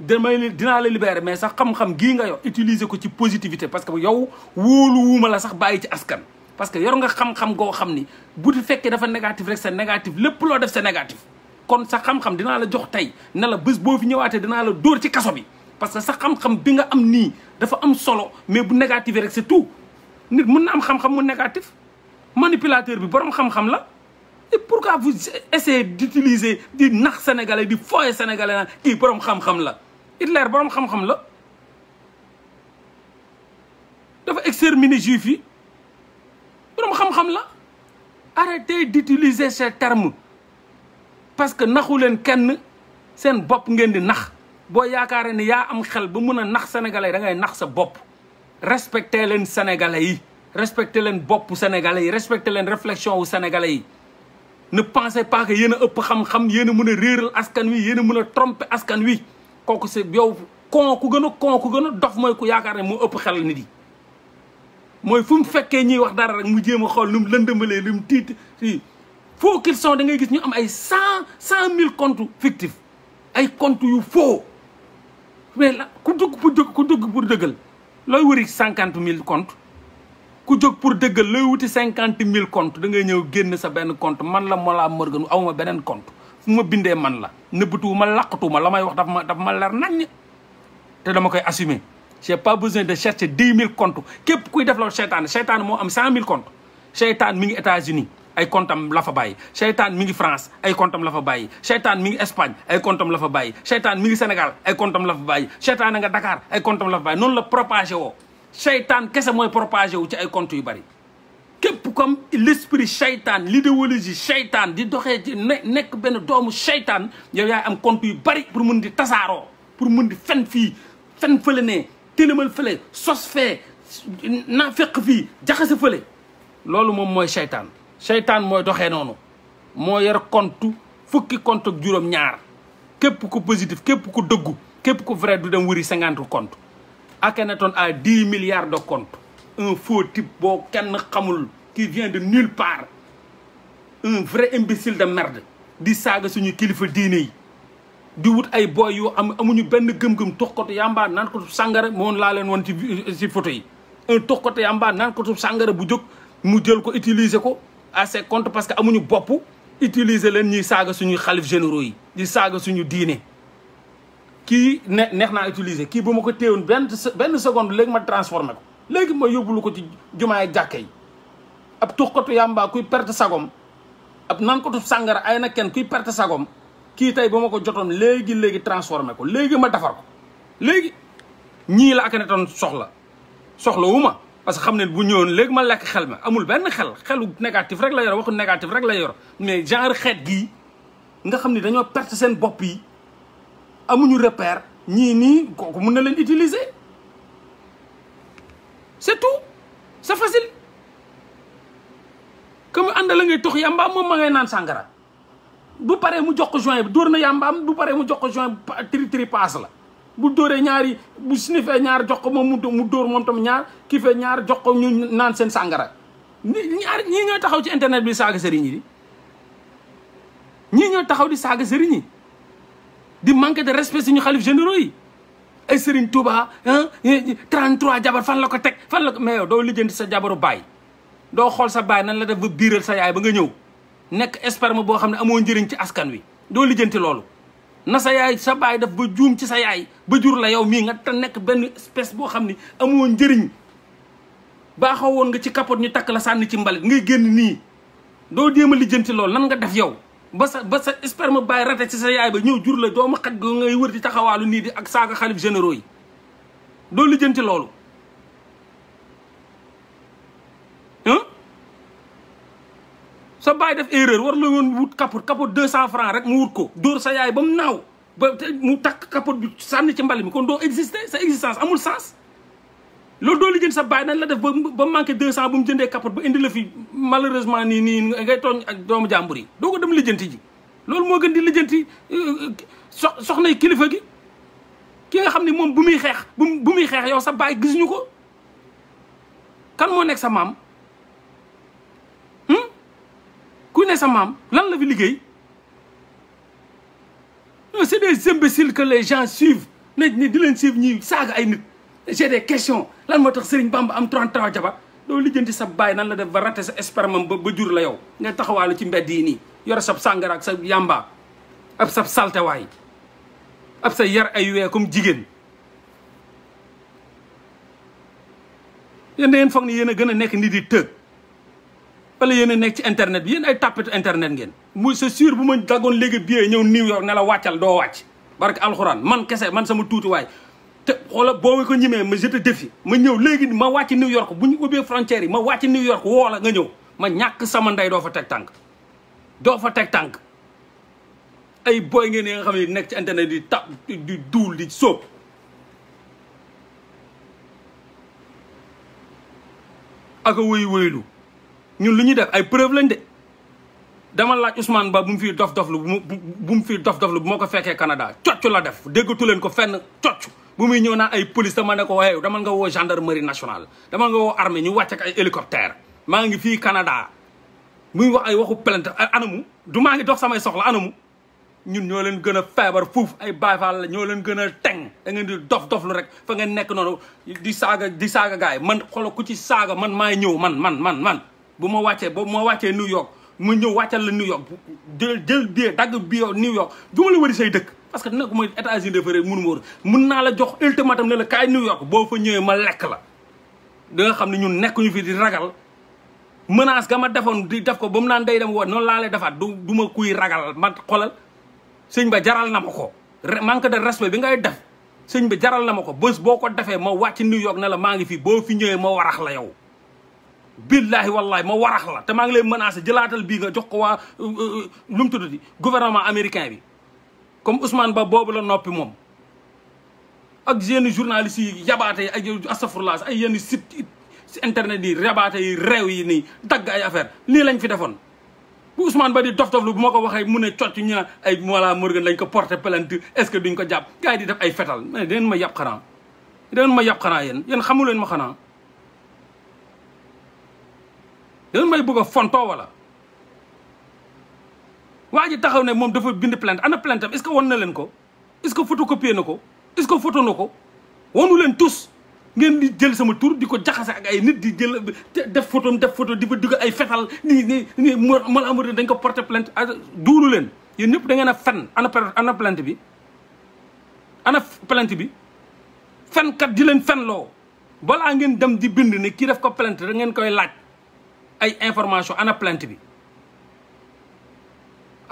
damay dinaa la libérer mais sax xam-xam gi nga utiliser ko ci positivité parce que yow wolu wuuma la sax bàyyi ci askan. parce que yor nga xam-xam go xamni ni bu fekkee dafa négatif rek c'est négatif lepp lo def c'est négatif kon sa xam-xam dina la jox tay ne la bés boo fi ñëwaaté dina la dóor ci kasso bi. parce que sa xam-xam bi nga am ni dafa am solo mais bu négatif rek c'est tout nit mun na am xam-xam mu négatif manipulateur bi borom xam-xam la. et pourquoi vous essayez d'utiliser di nax sénégalais di fooye sénégalais qui kii borom xam-xam la. Hitler boroom xam-xam la dafa exterminer juif yi boroom xam-xam la arrêtez d'utiliser ces termes parce que naxu leen kenn seen bopp ngeen di nax boo yaakaaree ne yaa am xel ba mun a nax sénégalais da ngay nax sa bopp respecté leen sénégalais yi respecté leen bopp sénégalais yi respecté leen réflexion wu sénégalais yi ne pensez pas que yéen ëpp xam-xam yéen a mën a réeral askan wi yéen a mën a tromper askan wi kooku c'est yow kon ku gën a kon gën a dof mooy ku yaakaar ne mu ëpp xel nit yi mooy fu mu fekkee ñuy wax dara rek mu jéem a xool lu mu lëndëmalee lu mu tiit si foo qu'ils sont da ngay gis ñu am ay cent cent mille comptes fictifs ay comptes yu faux mais la ku dugg pour ku dugg pour dëggal looy wëri cinquante mille comptes ku pour dëggal looy wuti cinquante mille comptes da ngay ñëw génn sa benn compte man la Mollah Morgun awma beneen compte fu ma bindee man la nëbbatuwuma làqatuwuma la may wax daf ma daf ma leer nañ te dama koy assumer j'ai pas besoin de chercher dix mille comptes képp kuy def loolu seytaane seytaane moo am cent mille comptes seytaane mi ngi États-Unis ay comptam la fa bàyyi seytaane mi ngi France ay comptam la fa bàyyi seytaane mi ngi Espagne ay comptam la fa bàyyi seytaane mi ngi Sénégal ay comptam la fa bàyyi seytaane nga Dakar ay comptam la fa bàyyi noonu la propagé woo seytaane kese mooy propagé wu ci ay comptes yu bari képp comme l'esprit seytaan l'idéologie seytaan di doxee ci nekk benn doomu seytaan yow yaay am compte yu bari pour mun di tasaaroo pour mun di fen fii fen fële ne télémal fële sos fee naa fekk fii jaxase fële loolu moom mooy seytaan seytaan mooy doxee noonu moo yor compte fukki compte ak juróom ñaar képp ku positif képp ku dëggu képp ko vrai du dem wëri cinquante compte Akhenaton a dix milliards de comptes un faux type boo kenn xamul qui vient de nulle part un vrai imbécile de merde di saga suñu kilifa diiné yi di wut ay boy yo, am amuñu benn gëm-gëm toxkatu yamba naan ko sàngara moom laa leen woon ci ci photo yi un toxkatu yamba naan ko sàngara bu jog mu jël ko utiliser ko à ses comptes parce que amuñu bopp utiliser len ñi saga suñu xalif généraux yi di saga suñu diine kii ne neex naa utiliser kii bu ma ko téewoon benn benn seconde léegi ma transformé ko léegi ma yobul ko ci jumaay jakkay ab tuxkatu yamba kuy perte sagom ab nan kotu sangara ay na ken kuy perte sagom ki tay bama ko jotone legi léegi transformer ko léegi ma dafar ko léegi ñi la ak ne toon soxla soxla wuma parce que xamne bu ñewon léegi ma lek xel ma amul ben xel xelu négatif rek la yor waxu négatif rek la yor mais genre xet gi nga xamni dañoo perte sen bop yi amuñu repère ñi ni ko mu na leen utiliser jox yamba mom ma ngay nan sangara bu paré mu jox ko joint bi dorna na yambaam bu paré mu jox ko joint tri tri paas la bu doré ñaari bu sniffé ñaar jox ko mom mu dor mom tam ñaar kii ñaar jox ko ñu nan sen sangara ñaar ñi ñoo taxaw ci internet bi saga serigne yi ñi ñoo taxaw di saga serigne di manquer de respect suñu xalif généraux yi ay serigne Touba 33 jabar fan la ko tek fan la ko mayo do doo sa jabaru baye doo xool sa baay nan la def ba biiral sa yaay ba nga ñëw nekk sperme boo xam ne amoo njëriñ ci askan wi doo lijjanti loolu na sa yaay sa baay def ba juum ci sa yaay ba jur la yow mii nga te nekk benn espèce boo xam ni amoo njëriñ baaxoo woon nga ci capote ñu takk la sànn ci mbalit ngay génn nii doo jéem a lijjanti loolu lan nga def yow ba sa ba sa sperme baay rate ci sa yaay ba ñëw jur la doomu xaj go ngay wër di taxawaalu nii di ak saaga xalif généro yi doo lijjanti loolu sa baay def erreur war la woon wut capote capote deux cent franc rek mu wut ko dóor sa yaay ba mu naaw ba mu takk capote bi sànni ci mbali mi kon doo exister sa existence amul sens loolu doo lijjanti sa baay nan la def ba ba manqué deux cent bu mu jëndee capote ba indi la fi malheureusement nii nii ngay tooñ ak doomu jàmbur yi doo ko dem lijjanti ji loolu moo gën di lijjanti euh, so soxnay kilifa gi ki nga xam ni moom bu muy xeex bu muy xeex yow sa baay gis ko kan moo nekk sa maam ku ne sa maam lan la fi liggéey non c'est des imbéciles que les gens ne ni di leen suivre ñuy saaga ay nit j'ai des question lan moo tax Serigne Bamba am 30 ans jabar doo lijjanti sa baay nan la def ba raté sa spermam ba ba jur la yow nga taxawaalu ci mbedd yi nii yore sab sàngara ak sa yàmba ab sab saltewaay ab sa yar ay wee comme jigéen yéen da ngeen foog ni yéen a gën a nekk nit di tëg wala yéen a nekk ci internet bi yéen ay tapit internet ngeen muy c'est sûr bu ma daggoon léegi billet ñëw New York ne la wàccal doo wàcc barke alxuraan man kese man sama tuutiwaay te xoola boo ma ko ñimee ma je def défie ma ñëw léegi ma wàcc New York bu ñu ubbee frontière yi ma wàcc New York woo la nga ñëw ma ñàkk sama ndey doo fa teg tànk doo fa teg tànk ay booy ngeen yi nga xam ne nekk ci internet di tap di duul di sóob ak a wéyu wéylu ñun lu ñuy def ay preuve lañ de dama laaj Ousmane Ba bu mu fii dof dof lu bu mu fii dof dof bu moo ko fekkee Canada cocc la def déggatu leen ko fenn cocc bu muy ñëw naa ay police dama ko waaye dama nga woo gendarmerie nationale dama nga woo armée ñu wàcc ak maa ngi fii Canada muy wax ay waxu plainte anamu du maa ngi dox samay soxla anamu ñun ñoo leen gën a feebar fuuf ay Baay la ñoo leen gën a teng da ngeen di rek fa ngeen nekk noonu di saaga di saaga gaay man xolo ku ci saaga man maay ñëw man man man man bu ma wàccee boobu ma wàccee New York mu ñëw wàccal la New York jël jël billet dagg billet New York du ma la wëri say dëkk parce que nag ma États-Unis dafa réer mënu ma wër mun naa la jox ultimatum ne la kaay New York boo fa ñëwee ma lekk la da xam ne ñun nekkuñu fi di ragal menace ga ma defoon di def ko ba mu naan day dem woon noonu laa lay defaat du du ma kuy ragal ma xolal sëñ ba jaral na ma ko manque de respect bi ngay def sëñ bi jaral na ma ko bés boo ko defee ma wàcc New York ne la maa ngi fi boo fi ñëwee ma warax la yow billaahi wallaahi ma warax la te maa ngi lay menacé jëlaatal bii nga jox ko waa lu euh, euh, euh, mu tuddati gouvernement américain bi comme Ousmane Ba boobu la noppi moom ak yenn journalistes yi yabaate yi ak astafurlaas ay yenn si internet yi yabaate yi réew yi nii dagg ay affaire lii lañ fi defoon bu Ousmane Ba di dof-dof lu bu ma ko waxee mu ne cocc ñu naan ay Mollah Morgun lañ ko porte plainte est-ce que duñ ko jàpp gars yi di def ay fetal mais dangeen ma yàpp xanaa dangeen ma yàpp xanaa yéen yéen xamu leen ma xanaa yéen may bëgg a fontoo wala waa ji taxaw ne moom dafa bind plainte ana plainte am est-ce que won na leen ko est-ce que photocopier na ko est-ce que photo na ko wonu leen tous ngeen di jël sama tur di ko jaxase ak ay nit di jël def photo def photo di fa dugg ay fetal ni ni ni Mollah Morgun dañ ko porter plainte ah, duulu leen yéen ñëpp da ngeen a fen ana ana plainte bi ana plainte bi kat di leen fenloo balaa ngeen dem di bind ne kii def ko plainte da ngeen koy laaj ay information ana plainte bi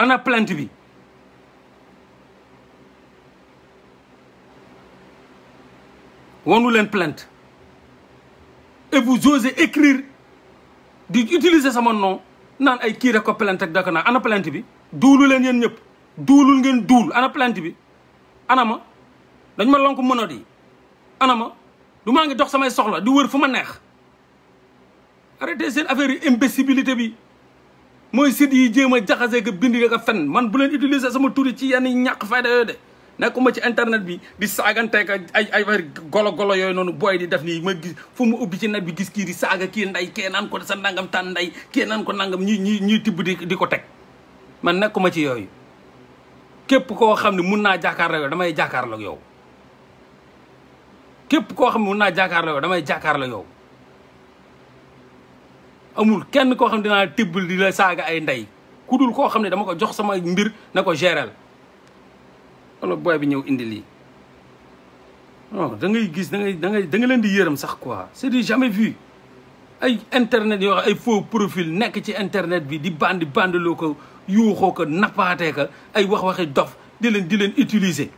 ana plainte bi wonu len plainte et vous osez écrire d'utiliser utiliser sama nom nan ay ki rek ko plainte ak daka ana plainte bi doulou len yen ñep doulul ngeen doul ana plainte bi anama dañ ma lonk mënod yi anama du maa ngi dox samay soxla di wër fuma neex arrêté seen affaire yi imbécibilité bi mooy site yi jéem a jaxasee ko bind ko fen man bu leen utiliser sama turi ci yenn ñàkk fayda yooyu de nekkuma ci internet bi di saagante ka ay ay golo golo yooyu noonu booy di def nii ma gis fu mu ubbi ci nag bi gis kii di saaga kii nday kee naan ko sa nangam tàn nday kee ko nangam ñii ñi ñuy tibb di di ko teg man nekkuma ci yooyu képp koo xam ne mun naa jàkkaarloo yow damay jàkkaarloo yow képp koo xam ne mun naa damay jàkkaarloo yow amul kenn koo xam ne dinaa tibbal di la saaga ay ndey ku dul koo xam ne dama ko jox sama mbir na ko géral wala booy bi ñëw indi lii non da ngay gis da ngay da ngay da nga leen di yërëm sax quoi c'est du jamais vu ay internet yoo xam ay faux profil nekk ci internet bi di bandi loo ko yuuxoo ko nappaatee ko ay wax-waxi dof di leen di leen utiliser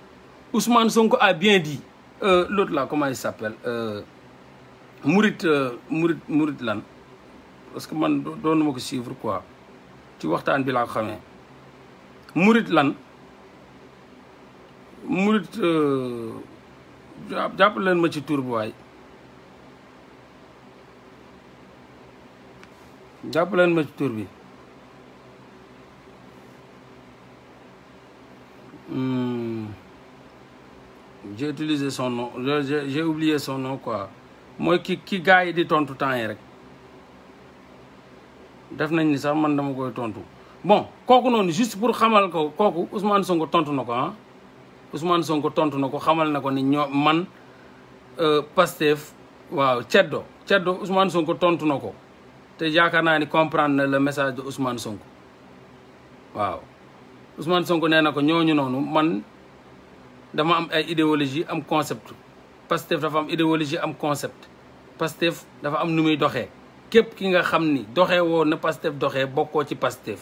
Ousmane Sonko a bien di euh, l'autre là comment il s'appelle Mourid euh, Mourid euh, Mourid lan parce que man doonu ma ko suivre quoi ci waxtaan bi laa ko xamee murit lan murit euh, jàpp leen ma ci tur bi waay jàpp leen ma ci tur bi hmm. j'ai utilisé son nom j'ai oublié son nom quoi mooy ki ki gars yi di tontu temps yi rek def nañ ni sax man dama koy tontu bon kooku noonu juste pour xamal ko kooku Ousmane Sonko tontu na ko ah Ousmane Sonko tontu na ko xamal na ko ni ñoo man euh, Pastef waaw ceddo ceddo Ousmane Sonko tontu na ko te yaakaar naa ni comprendre la message de Ousmane Sonko waaw Ousmane Sonko nee na ko ñooñu noonu man dama am ay idéologie am concept Pastef dafa am idéologie am concept Pastef dafa am nu muy doxee képp ki nga xamni doxé wo woo na Pastef doxé bokko ci Pastef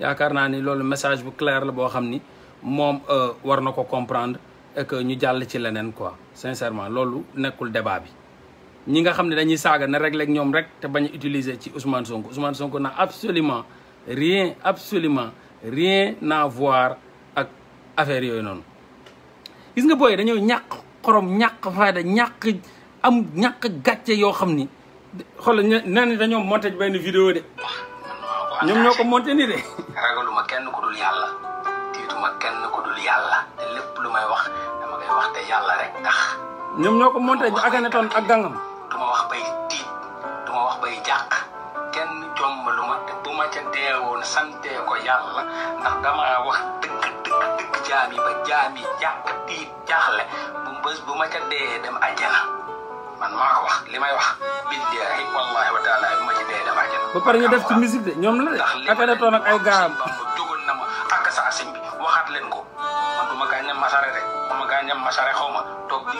yakarna ni loolu message bu clair la bo xamni mom euh warnako comprendre et que ñu jall ci lenen quoi sincèrement loolu nekul débat bi. ñi nga xamni dañuy saga na régler ak ñoom rek te bañ utiliser ci Ousmane Sonko Ousmane Sonko n'a absolument rien absolument rien à voir ak affaire yoy non gis nga boy dañu ñak xorom ñak fayda ñak am ñak gatché yo xamni xol nani dañu monté ben vidéo dé ñom ñoko monté ni dé ragaluma kenn ku dul yalla tituma kenn ku dul yalla té lepp lu may wax dama ngay wax té yalla rek tax ñom ñoko monté ak akane ton ak gangam duma wax bay tit duma wax bay jàq kenn jommaluma te té buma ca deewoon santé ko yalla ndax dama wax dëkk dëkk dëkk jaam ba jaam yi tit jaxlé bu mbeus buma ca dé dem aljana man maa ko wax ba pare ñu def ci musique de ñoom la de affaire toon ak ay gaam jógoon na ma ak sa sëñ bi waxaat leen ko man du ma gaañ masare rek masare di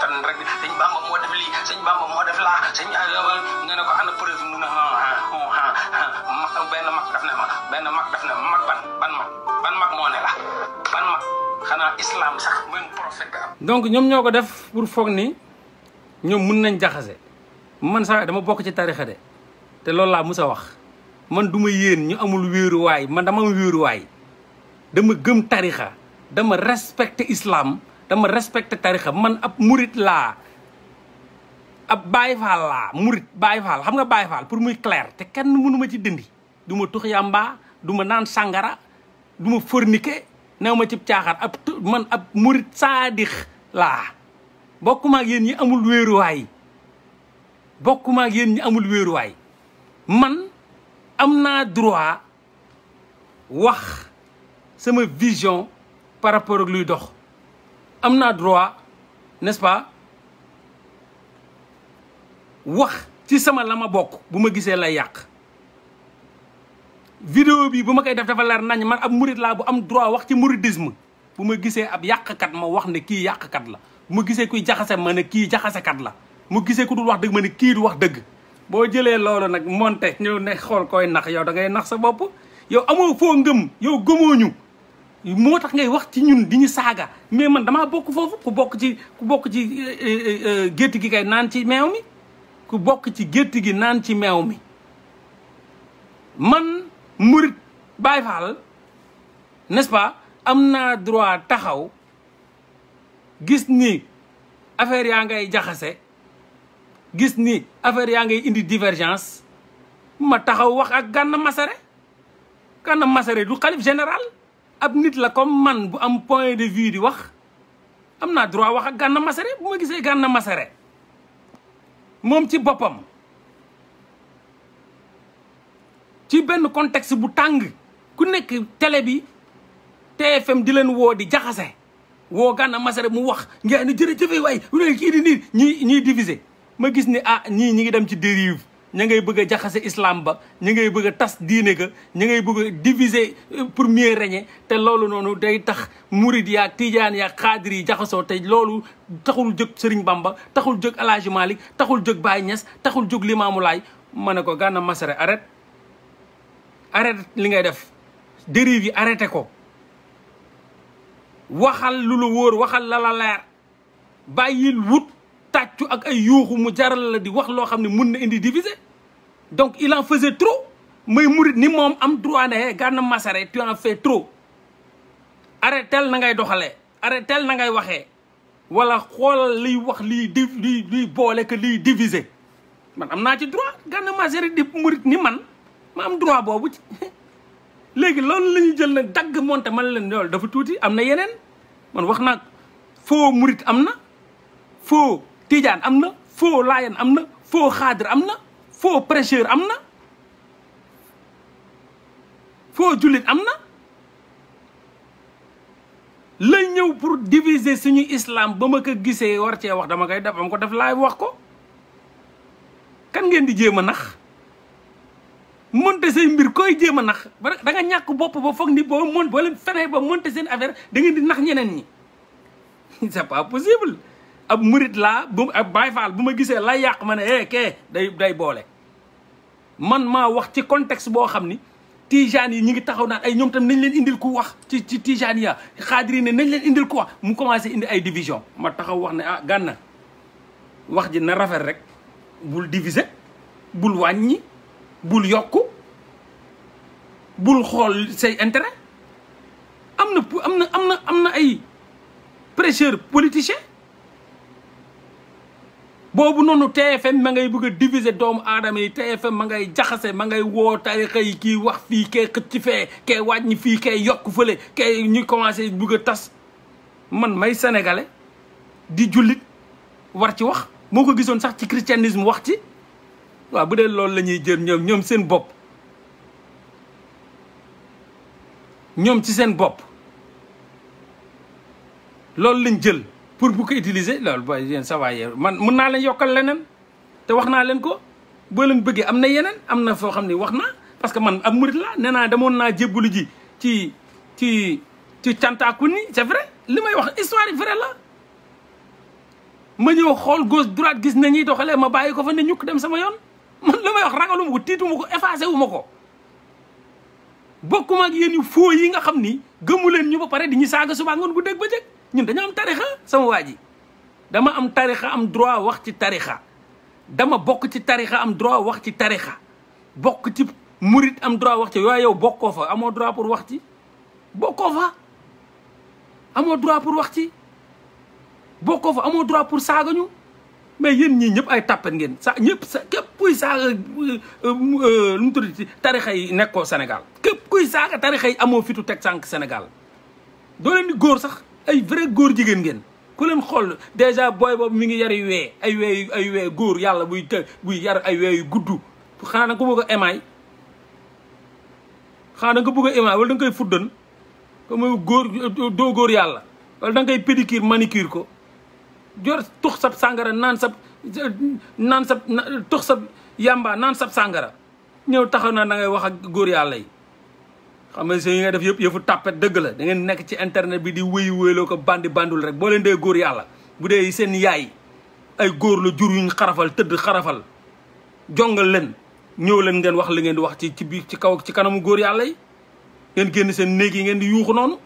tan rek bamba def bamba def ne ko ana preuve mu ha ha ha daf ma daf ban ban ban ne la ban mag islam sax même prophète donc ñoom ñoo def pour ni ñom mun nañ jaxase man sa dama bok ci tarixa de té lool la musa wax man duma yeen ñu amul wiruai, man dama wëru way dama gëm tarixa dama respecte islam dama respecte tarixa man ab murit la ab Baye Fall laa murit Baye Fall xam nga Baye Fall pour muy clair té kenn mënu ma ci dindi duma tux yamba duma nan sangara duma forniquer ma ma ab man ab murit sadikh la bokkuma ak yéen ñi amul wéeruwaay bokkuma ak yéen ñi amul wéeruwaay man am naa droit wax sama vision par rapport ak luy dox am naa droit n'est-ce pas wax ci sama la ma bokk bu ma gisee lay yàq vidéo bi bu ma koy def dafa leer nañ man ab murit laa bu am droit wax ci muridisme bu ma gisee ab yàqkat ma wax ne kii yàqkat la mu gisee kuy jaxase ma ne kii jaxasekat la mu gisee ku dul wax dëgg ma ne kii du wax dëgg boo jëlee loolu nag monte ñëw ne xool koy nax yow dangay ngay nax sa bopp yow amoo foo ngëm yow gëmooñu moo tax ngay wax ci ñun di ñu saaga mais man damaa bokk foofu ku bokk ci ku bokk ci euh, euh, euh, gétt gi kay naan ci meew mi ku bokk ci gétt gi naan ci meew mi man murit Baay Faal nest pas am naa droit taxaw gis ni affaire ya ngay jaxasse gis ni affaire ya ngay indi divergence ma taxaw wax ak Gana masare kan Massaré du khalif général ab nit la comme man bu am point de vue di wax amna droit wax ak masare, Massaré bu ma gisee Gana Massaré telebi, ci bopam ci ben contexte bu tang ku nek télé bi TFM di len wo di jaxasse woo Gana Masare mu wax ngeen ne jërëjëf waay lu kii di nii ñi ñiy diviser ma gis ni ah ñii ñi ngi dem ci dérive ña ngay bëgg a jaxase islam ba ña ngay bëgg a tas diine ga ña ngay bëgg a diviser euh, pour mieux régner te loolu noonu day tax murid yaa tijaan yaa xaadir yi jaxasoo te loolu taxul jóg Serigne Bamba taxul jóg El Hadj taxul jóg baay Niass taxul jóg Limamou Laye ma ne ko Gana Masare arrête arrête li ngay def dérive yi arrêté ko waxal lu la woor waxal la la leer bàyyil wut tàccu ak ay yuuxu mu jaral la di wax loo xam ne mun na indi diviser donc il en faisait trop may murit ni moom am droit ne Gana Massaré tu en fais trop arrêtel na ngay doxalee arrêtel na ngay waxee wala xoolal liy wax liy di liy liy boole que liy diviser man am naa ci droit Gana Massaré di murit ni man ma am droit boobu ci [LAUGHS] léegi loolu la jël na dagg monte man leen loolu dafa tuuti am na yeneen man wax naa foo murit am na foo tiijaan am na foo laayan am na foo xaadir am na foo prêcheur am na foo jullit am na lay ñëw pour diviser suñu islam ba ma ko gisee war cee wax dama koy def am ko def laay wax ko kan ngeen di jéem a nax monter say bir koy jema nax da nga ñak bop bo fokk ni bo mon bo leen fexé ba monter seen affaire da ngeen di nax ñeneen ñi [LAUGHS] c'est pas possible ab mourid la bu ab Baay Faal bu ma gisee lay yàq eh ke day day bolé man ma wax ci contexte bo xamni ni yi ñi ngi taxaw naan ay ñom tam nañ leen indil ku wax ci ci tijaan ya xaadiri ne nañ leen indil ku wax mu commencé indi ay division ma taxaw wax ne ah ganna wax ji na rafet rek bul diviser bul wañi bul yokk bul xool say intérêt am na am na am na am na ay prêcheur politicien boobu noonu TFM ma ngay bëgg a diviser doomu aadama yi TFM ma ngay jaxase ma ngay woo tarixa yi kii wax fii kee xëcc fee kee wàññi fii kee yokk fële kee ñu commencé bugg a tas man may sénégalais di jullit war ci wax moo ko gisoon sax ci christianisme wax ci waaw bu dee loolu la ñuy jël ñoom ñoom seen bopp ñoom ci seen bopp loolu lañ jël pour bu ko utiliser loolu booy yéen ça va man mun naa leen yokkal leneen te wax naa leen ko boo leen bëggee am na yeneen am na foo xam ne wax naa parce que man ab murit laa nee naa demoon naa jébbalu ji ci ci ci cantaakun ni c'est vrai li may wax histoire yi vrai la ma ñëw xool gauche droite gis nañuy doxalee ma bàyyi ko fa ne ñukk dem sama yoon man li may wax ragaluma ko tiituma ko effacé wu ma ko bokkuma ak yéen yu foo yi nga xam ni gëmu leen ñu ba pare di ñu saaga suba ngoon gu dégg ba jëg ñun dañoo am tarixa sama waa ji dama am tarixa am droit wax ci tarixa dama bokk ci tarixa am droit wax ci tarixa bokk ci murit am droit wax ci waaye yow bokkoo fa amoo droit pour wax ci bokkoo fa amoo droit pour wax ci bokkoo fa amoo droit pour saagañu mais yéen ñii ñëpp ay tàppet ngeen sa ñëpp sa képp kuy saaga euh, euh, lu mu tuddati nekkoo Sénégal képp kuy saaga tarixa yi amoo fitu teg sànq Sénégal doo leen góor sax ay vrai góor jigéen ngeen ku leen xool dèjà booy boobu mi ngi yar wee ay wee ay wee góor yàlla buy të buy yar ay wee yu gudd xanaa da nga ko bëgg a émaay fuddan góor doo góor yàlla wal da nga koy pédicure ko jor tux sab sàngara naan sab naan sab tux sab yàmba naan sab sàngara ñëw taxaw na da ngay wax ak góor yàlla yi xam nga seen yi nga def yëpp yëfu tàppet dëgg la da nekk ci internet bi di wéyu wéyloo ko bandi bandul rek boo leen góor yàlla bu dee seen yaay ay góor la jur yuñ xarafal tëdd xarafal jongal leen ñëw leen ngeen wax li ngeen di wax ci ci biir ci kaw ci kanamu góor yàlla yi ngeen génn seen néeg yi ngeen di yuuxu noonu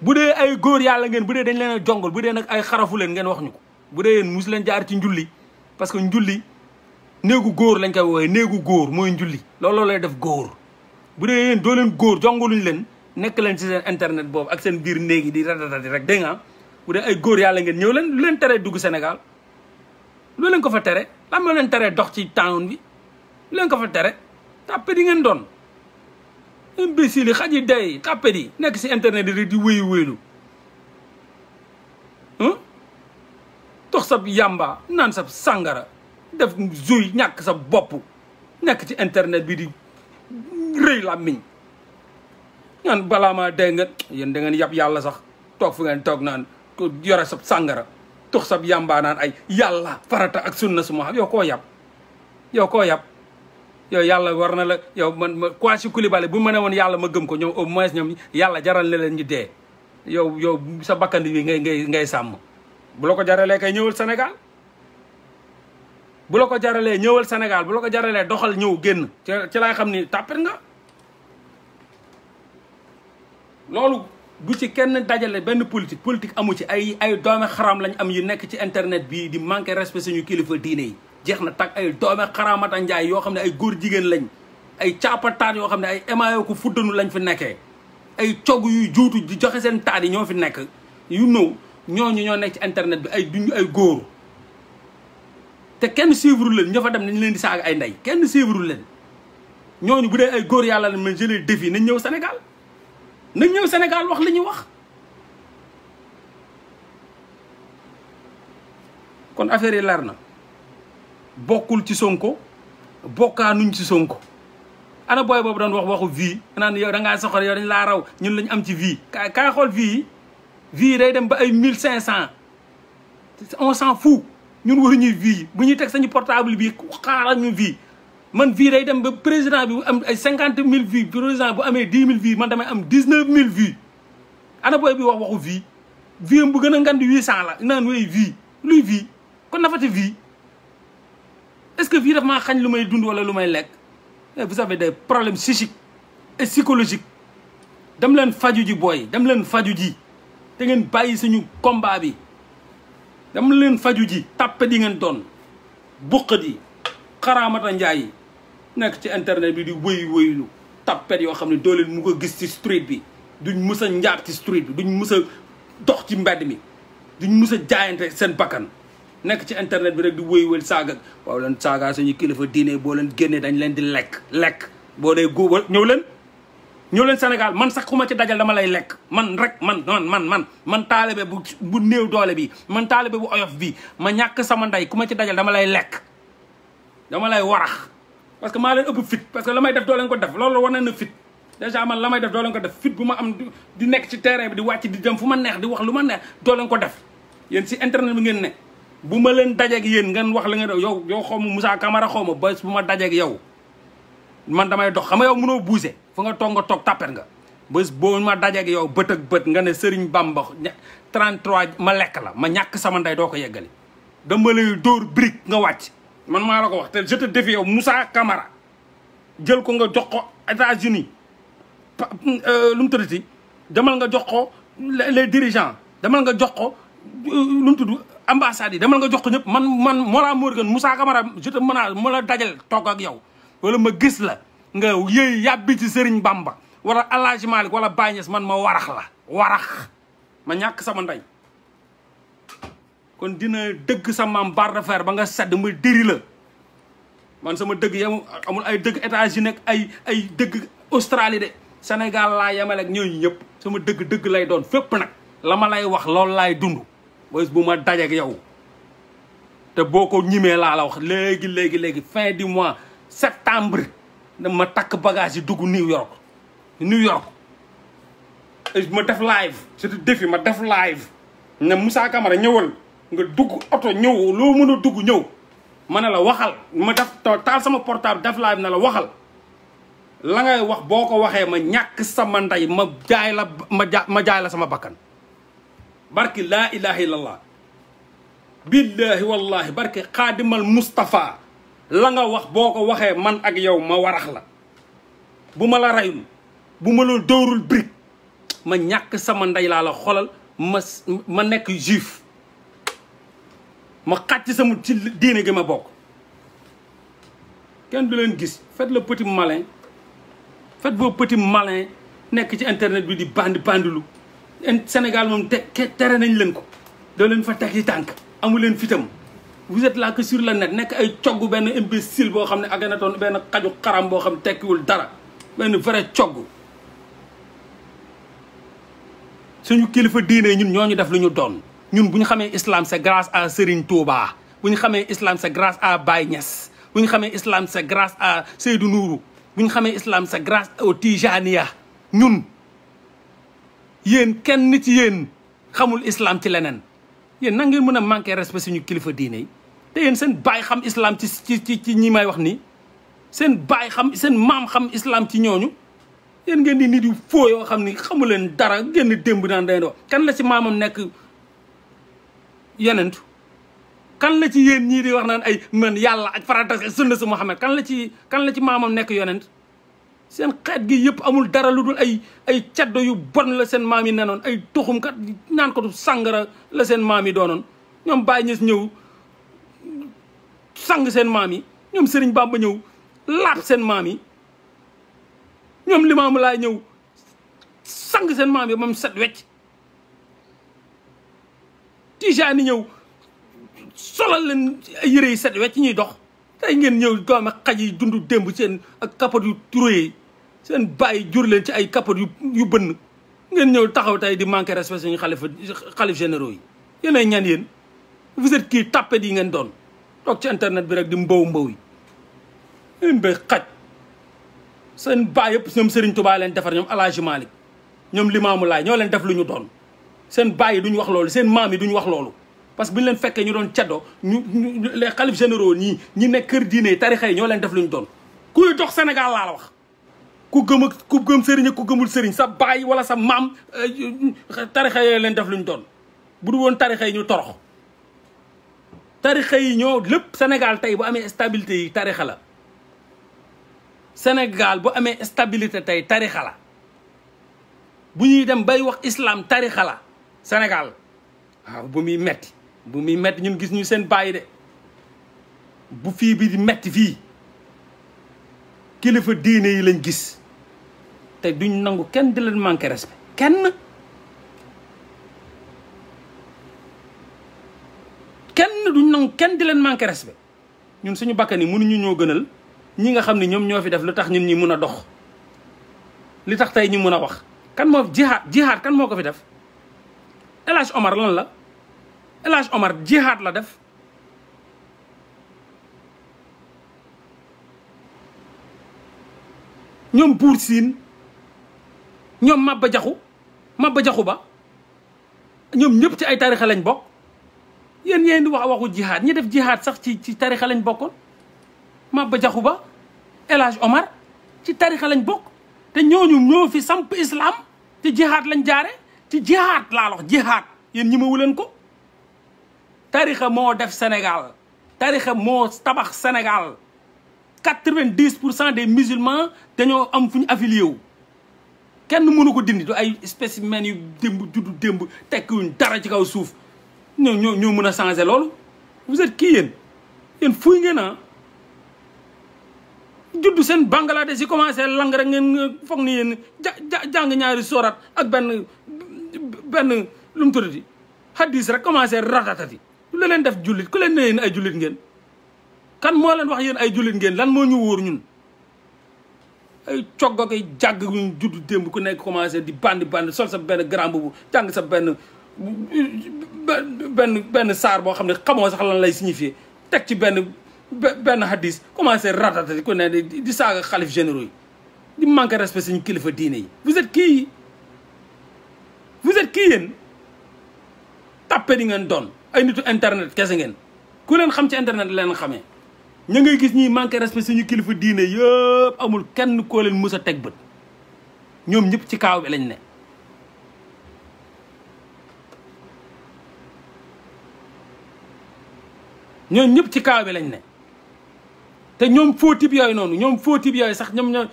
bu dee ay góor yàlla ngeen bu dee dañ leen jongal bu dee ay xarafu leen ngeen wax ñu ko bu dee yéen mus leen jaar ci njulli parce que njulli néegu góor lañ koy woowee néegu góor mooy njulli looloo lay def góor bu dee yéen doo leen góor jongaluñ leen nekk leen ci seen internet boobu ak seen biir néegi di ratatati rek dégg nga bu dee ay góor yàlla ngeen ñëw leen lu leen teree dugg Sénégal lu leen ko fa tere lan moo leen teree dox ci town bi lu leen ko fa tere tàppe di ngeen doon imbécile xadi day tapé di nek si internet di di wéyu wéylu tok sab yamba, nan sab sangara def zuy ñak sab bop nek ci internet bi di la làmmiñ naan bala ma day nga yeen da ngeen yab yalla sax tok fu ngeen tok nan ko yore sab sangara tok sab yamba nan ay yalla, farata ak sunna su ma yow koo yab yow ko yab yow yàlla war na la yow man ma Kouassi Koulibaly bu ma ne woon yàlla ma gëm ko ñoom au moins ñoom yàlla jaral na leen ñu dee yow yow sa bakkandi bi ngay ngay ngay sàmm bu la ko jaralee kay ñëwal Sénégal bu la ko jaralee ñëwal Sénégal bu la ko jaralee doxal ñëw génn ci lay xam ni tàppit nga loolu bu ci kenn dajalee benn politique politique amu ci ay ay doomi xaram lañ am yu nekk ci internet bi di manqué respect suñu kilifa diine yi jeex na takk ay doome xaraamata njaay yoo xam ne ay góor jigéen lañ ay caapataan yoo xam ne ay yoo ko fuddanu lañ fi nekkee ay cog yuy juutu di joxe seen taat yi ñoo fi nekk yu ñoo ñu ñoo nekk ci internet bi ay duñu ay góor te kenn suivre leen ña fa dem nañ leen di saaga ay ndey kenn suivre leen ñooñu bu dee ay góor yàlla la man jëlee défi nañ ñëw senegal nañ ñëw Sénégal wax li wax kon affaire yi leer na bokkul ci Sonko bokkaanuñ ci Sonko ana booy boobu doon wax waxu vi naan yow da ngaa soxor yow dañ laa raw ñun lañ am ci vi kaay kaay xool vie yi vie yi day dem ba ay mille cinq cent on s'en fout ñun waruñuy vie bu ñuy teg sañu portable bi xaaral ñu vi man vie day dem ba président bi bu am ay cinquante mille vie président bu amee dix mille vie man damay am dix neuf mille vie ana booy bi wax waxu vie vi am bu gën a ngan huit cent la naan wooy vie luy vie kon nafati vi est-ce que vie daf maa xañ lu may dund wala lu may lekk eh, vous avez des problèmes psychiques et psychologiques dem leen faju ji booy dem leen faju ji te ngeen bàyyi suñu combat bi dem leen faju ji tàppe di ngeen doon buqat yi xaraamata njaay yi nekk ci internet bi di wëyu wëyulu tappet yoo xam ne doo leen mu ko gis ci street bi duñ mus a ci street bi duñ mus dox ci mbedd mi duñ mus jaayante seen bakkan nekk ci internet bi rek di wéywal saaga waaw leen saaga ñu kilifa diine boo leen génnee dañ leen di lekk lekk boo dee góobal ñëw leen ñëw leen Sénégal man sax ku ma ci dajal dama lay lekk man rek man man man man man taalibe bu bu néew doole bi man taalibe bu oyof bi ma ñàkk sama ndey ku ma ci dajal dama lay lekk dama lay warax parce que maa leen ëpp fit parce que lamay may def doo leen ko def loolu war na na fit déjà man la may def doo leen ko def fit bu ma am di nekk ci terrain bi di di dem fu ma neex di wax lu ma neex doo ko def yéen si internet bi ngeen ne buma len dajje ak yeen ngeen wax la nga yow yow xaw ma Moussa Camara xaw ba buma dajje ak yow man damay dox xam nga yow mëno buuse fa nga toog tok taper nga ba buma dajje ak yow beut ak beut nga ne Serigne Bamba 33 ma lek la ma ñak sama nday do ko yeggali dama lay dóor brick nga wacc man ma la ko wax te je te défie yow Moussa Camara jël ko nga jox ko États-Unis euh, lu mu tuddati demal nga jox ko les dirigeants demal nga jox ko euh, lu mu tudd ambassade dama la nga jox ko ñep man man mola morgan musa Camara je te mën la dajal tok ak yow wala ma gis la nga yey yabbi ci Serigne Bamba wala alhaji malik wala bagnes man ma warax la warax ma ñak sama nday kon dina deug sa maam de fer ba nga sedd mu diri la man sama deug yam amul ay deug etats unis ak ay ay deug Australie de senegal la yemale ak ñoy ñep sama deug deug lay doon fépp nak lama lay wax lol lay Boys, buma dajé ak yow te boko ñimé la la wax légui légui légui fin du mois septembre ma tak bagage yi New York New York ma def live surtout défi ma def live na Moussa Camara ñëwul nga dugg auto ñëw lo mëna a dugg ñëw ma la waxal ma def taal sama portable def live ne la waxal la ngay wax boko waxé ma ñak sama nday ma jaay la ma jaay la sama bakkan barki la ilaha illallah billahi wallahi barki qadimal mustafa la nga wax boko waxe man ak yow ma warax la buma la rayul buma lo dorul brik ma ñak sama nday la la xolal ma ma nek juif ma xatti sama diine gi ma bok ken du len gis faites le petit malin faites vos petits malin Nek ci internet bi di bande bandelu Sénégal moom tere nañ leen ko doo leen fa teg ci tànk amu leen fitam vous êtes sur le net nekk ay cogg benn imbécile boo xam ne ak anatoon benn xaju xaram boo xam ne tekkiwul dara benn vrai cogg suñu kilifa diine ñun ñoo ñu def lu ñu doon ñun bu ñu xamee islam c'est grâce à Serigne Touba bu ñu xamee islam c'est grâce à Baye Niass bu ñu xamee islam c'est grâce à Seydou nuru bu ñu xamee islam c'est grâce au Tijaniya ñun yéen kenn nit yéen xamul islam ci leneen yéen nan ngeen mën a manqué respect ñu kilifa diine yi te yéen seen baay xam islam ci ci ci ñi may wax nii seen baay xam seen maam xam islam ci ñooñu yéen ngeen di nit yu foo xam ni xamu leen dara génn démb naan day doo kan la ci maamam nekk yenentu kan la ci yéen ñii di wax naan ay man yàlla ak farata sunna su ne kan la ci kan la ci maamam nekk yonent seen xeet gi yëpp amul dara lu dul ay ay caddo yu bon la seen maam yi nenoon ay toxumkat naan ko du sàngara la seen maam yi doonoon ñoom bàyyi ñës ñëw sang seen maam yi sëriñ Bamba ñëw laab seen maam yi ñoom limaamu laay ñëw sang seen maam yi moom set wecc tijaani ñëw solal leen ay yére yi set wecc ñuy dox tey ngeen ñëw doome xaj yi dund démb seen ak kapat yu turé seen bàyyi jur leen ci ay capote yu yu bënn ngeen ñëw taxaw tey di manqué respect ñu xalifa xalif généraux yi yéen ay ñan yéen vous kii tapet yi ngeen doon toog ci internet bi rek di mbow mbow yi yéen bay xaj seen baay yëpp ñoom Serigne Touba leen defar ñoom Alaaji Malick ñoom Limaamu Laay ñoo leen def lu ñu doon seen baay yi duñu wax loolu seen maam yi duñu wax loolu parce que bi leen fekkee ñu doon ceddo ñu les xalif généraux ñii ñi nekk kër diine tarixa yi ñoo leen def lu doon ku gëm ak ku gëm sëriñ ak ku gëmul sëriñ sa baay wala sa maam euh, tarixa yooyu leen def luñ doon bu du woon tarixa yi ñu torox tarixa yi ñoo lépp Sénégal tey bu amee stabilité yi tarixa la bu amee stabilité tey tarixa la bu ñuy dem bay wax islam tarixa la Sénégal waaw bu muy metti bu muy metti ñun gis ñu seen bàyyi de bu fii bi di metti fii kilifa diine yi lañ gis te duñ nangu kenn di leen manqué respect kenn kenn duñ nangu kenn di leen manqué respect ñun suñu bakkan yi mënuñu ñoo gënal ñi nga xam ne ñoom ñoo fi def lu tax ñun ñi mun a dox li tax tey ñu mun a wax kan moo jihaat jihaat kan moo ko fi def El Omar lan la El Omar jihaat la def ñom bour sin ñom mabba jaxu mabba jaxu ba ñom ñep ci ay tarixa lañ bok yeen ñeen di wax waxu jihad ñi def jihad sax ci ci tarixa lañ bokkoon mabba jaxu ba elage Omar ci tarixa lañ bok te ñoñu ñoo fi samp islam ci jihad lañ jaare ci jihad la wax jihad yeen ñima wulen ko tarixa mo def Senegal, tarixa mo tabax senegal quatre-vingt-dix pour cent des musulmans dañoo am fu ñu affilié wu kenn mënu ko dindi du ay spécimen yu démb juddu démb tekkiwuñ dara ci kaw suuf ñoo ñoo ñoo mën a changer loolu vous êtes kii yéen yéen fuy ngeen ah juddu seen Bangladesh yi commencé lang rek ngeen foog ni yéen jàng ñaari sorat ak benn benn lu mu tuddati hadis rek commencé ratatati lu leen def jullit ku leen ne yéen ay jullit ngeen kan mo leen wax yeen ay jullit ngeen lan mo ñu woor ñun ay cogg ak ay ñu judd démb ku nekk commencer di bandi bandi sol sa ben grand boobu jàng sa ben ben ben sar bo xam xamoo sax lan lay signifier tek ci ben ben hadith commencer ratata ku ne di saga xalif généraux di manquer respect suñu kilifa diine yi vous êtes qui vous êtes qui yeen tàppe di ngeen doon ay nitu internet kese ngeen ku leen xam ci internet leen xamé ña ngay gis ñuy manqué respect suñu kilifa diine amul kenn koo leen teg bët ñoom ñëpp ci kaaw bi lañ ne. ñoom ñëpp ci kaaw bi lañ ne te ñoom fóotib yooyu noonu ñoom fóotib yooyu sax ñoom ñoo.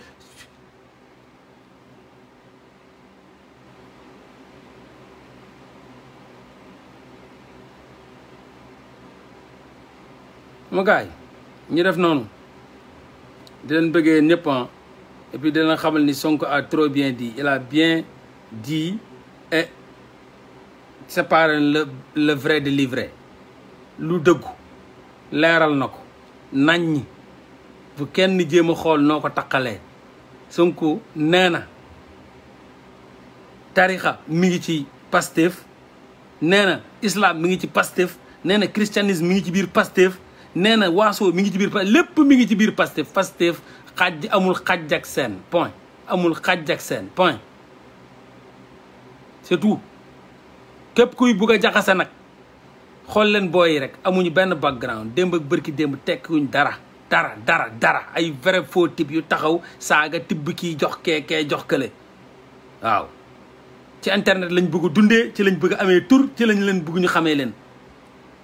mu def noonu di leen ah. et puis di xamal ni Sonko a trop bien dit il a bien dit et séparé le le vrai de l'ivraie lu dëggu leeral na ko bu kenn jéem a xool noo Sonko nee na mi ngi ci Pastef nee islam mi ngi ci Pastef nee christianisme mi ngi ci nee na waaso mi ngi ci biir pa lépp mi ngi ci biir Pastef Pastef xaj amul xaj ak seen point amul xaj ak seen képp kuy bugg a jaxase nag xool leen booyi rek amuñu benn background démb ak bërki démb tekkiwuñ dara dara dara dara ay vrai faux type yu taxaw saaga tibb kii jox kee kee jox kële waaw ci internet lañ bëgg dundee ci lañ bëgg amee tur ci lañ leen bëgg ñu xamee leen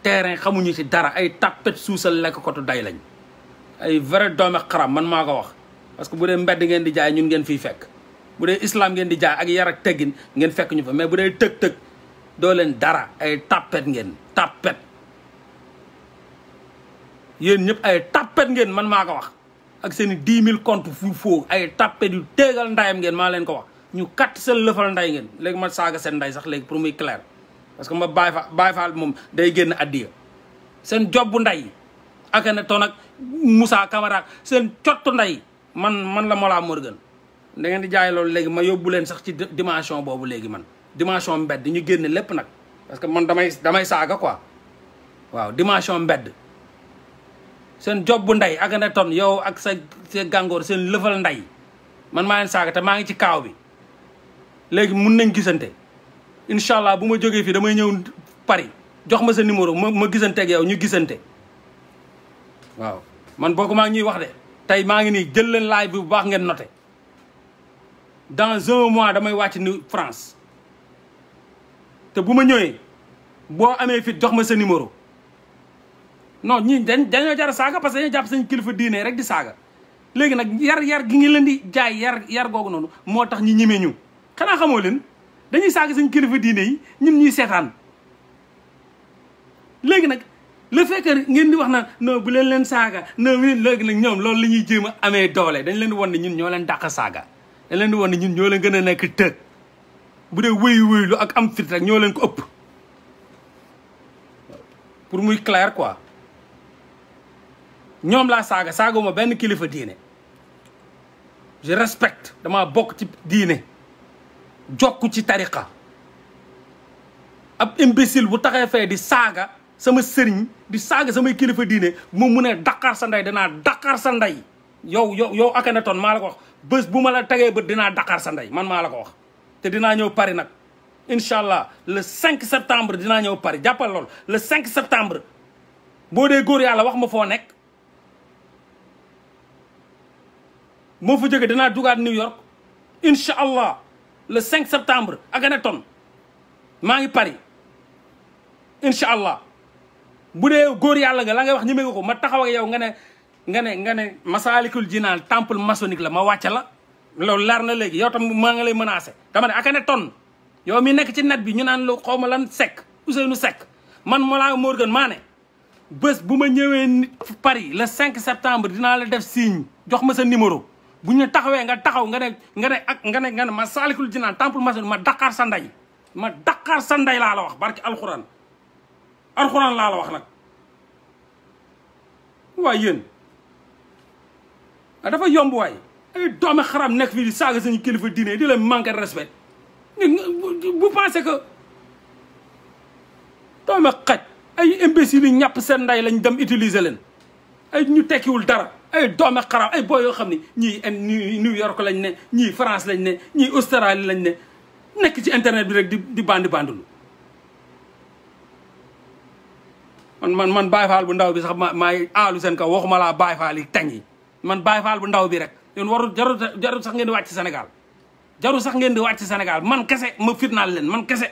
terrain xamuñu ci dara ay tàppet suusal lekk kotu day lañ ay vrai doome xaram man maa ko wax parce que bu dee mbedd ngeen di jaay ñun ngeen fiy fekk bu dee islam ngeen di jaay ak yar ak teggin ngeen fekk ñu fa mais bu dee tëg-tëg doo leen dara ay tàppet ngeen tàppet yéen ñëpp ay tàppet ngeen man maa ko wax ak seen i mille compte fu foo ay tàppet yu téegal ndayam ngeen maa leen ko wax ñu kat seen lëfal nday ngeen léegi ma saaga seen nday sax léegi pour muy clair parce que ma Baay Faal Baay moom day génn addiya seen job bu nday ak ne toon ak Moussa Camara seen cottu nday man man la Mollah Morgun da ngeen di jaay loolu léegi ma yóbbu leen sax ci dimension boobu léegi man dimension mbedd ñu génn lépp nag parce que man damay damay saaga quoi waaw dimension mbedd seen job ndey ak ne ton yow ak sa sa gàngoor seen lëfal ndey man maa leen saaga te maa ngi ci kaaw bi léegi mun nañ gisante incha allah bu ma jógee fii damay ñëw Paris jox ma sa numéro ma ma gisante ak yow ñu gisante waaw man bokk maa ngi wax de tey maa ngi nii jël leen laay bi bu baax ngeen noté dans un mois damay wàcc ni France te bu ma ñëwee boo amee fit jox ma sa numéro non ñi dañ dañoo jar saaga parce que dañoo jàpp sañ kilifa diine rek di saaga léegi nag yar yar gi ngi leen di jaay yar yar googu noonu moo tax ñu ñime ñu xanaa xamoo leen dañuy saaga suñ kilifa diine yi ñun ñuy seetaan léegi nag le fait que ngeen di wax na non bu leen leen saaga non léegi nag ñoom loolu la ñuy jéem a amee doole dañ leen di wan ne ñun ñoo leen dàq saaga dañ leen di wan ne ñun ñoo leen gën a nekk tëg bu dee wéyu wéylu ak am fit rek ñoo leen ko ëpp pour muy clair quoi ñoom laa saaga saaguma benn kilifa diine je respecte dama bokk ci diine jokk ci tariqa ab imbécile bu taxee fee di saaga sama sëriñ di saaga samay kilifa diine moom mu ne daqaar sa ndey danaa daqaar sa ndey yow yow yow Akhenaton maa la ko wax bés bu ma la tegee bët dinaa daqaar sa ndey man maa la ko wax te dinaa ñëw pari nag incha allah le cinq septembre dinaa ñëw Paris jàppal lool le cinq septembre boo dee góor yàlla wax ma foo nekk moo fa jóge dinaa jugaat New York incha allah le 5 septembre à Ganeton. ngi Paris incha allah bu dee góor yàlla nga la wax ñeme ko ma taxaw ak yow nga ne nga ne nga ne Masaalikul Jinaan temple maçonnique la ma wàcce la loolu leer yow tam maa nga lay menacé dama ne Akhenaton yow mi nek ci net bi ñu naan lu xaw lan Seck Ousseynou sec man Mollah Morgan maa ne bés bu Paris le 5 septembre dina la def signe jox ma sa numéro bu ñu taxawee nga taxaw nga ne nga ne ak nga nga ne ma saalikul jinaan temple maçon ma daqaar sa ma daqaar sa ndey laa la wax barki alxuraan alxuraan laa la wax na waay yéen ah, dafa yomb waay ay doomi xaram nekk fii di saaga suñu kilifa diine di leen manquer respect bu pensé que doomi xaj ay imbéciles yi ñàpp seen ndey lañ dem utiliser leen ay ñu tekkiwul dara ay doomi xaraam ay boo yoo xam ne ñii New York lañ ne ñii France lañ ne ñii Australie lañ ne nekk ci internet bi rek di di bandi bandulu man man man Baye bu ndaw bi sax ma maay alu seen kaw waxuma laa Baye Fall yi tañ man Baye Fall bu ndaw bi rek yéen warul jarul jarul sax ngeen di ci senegal jarul sax ngeen di ci senegal man kese ma firnaal leen man kese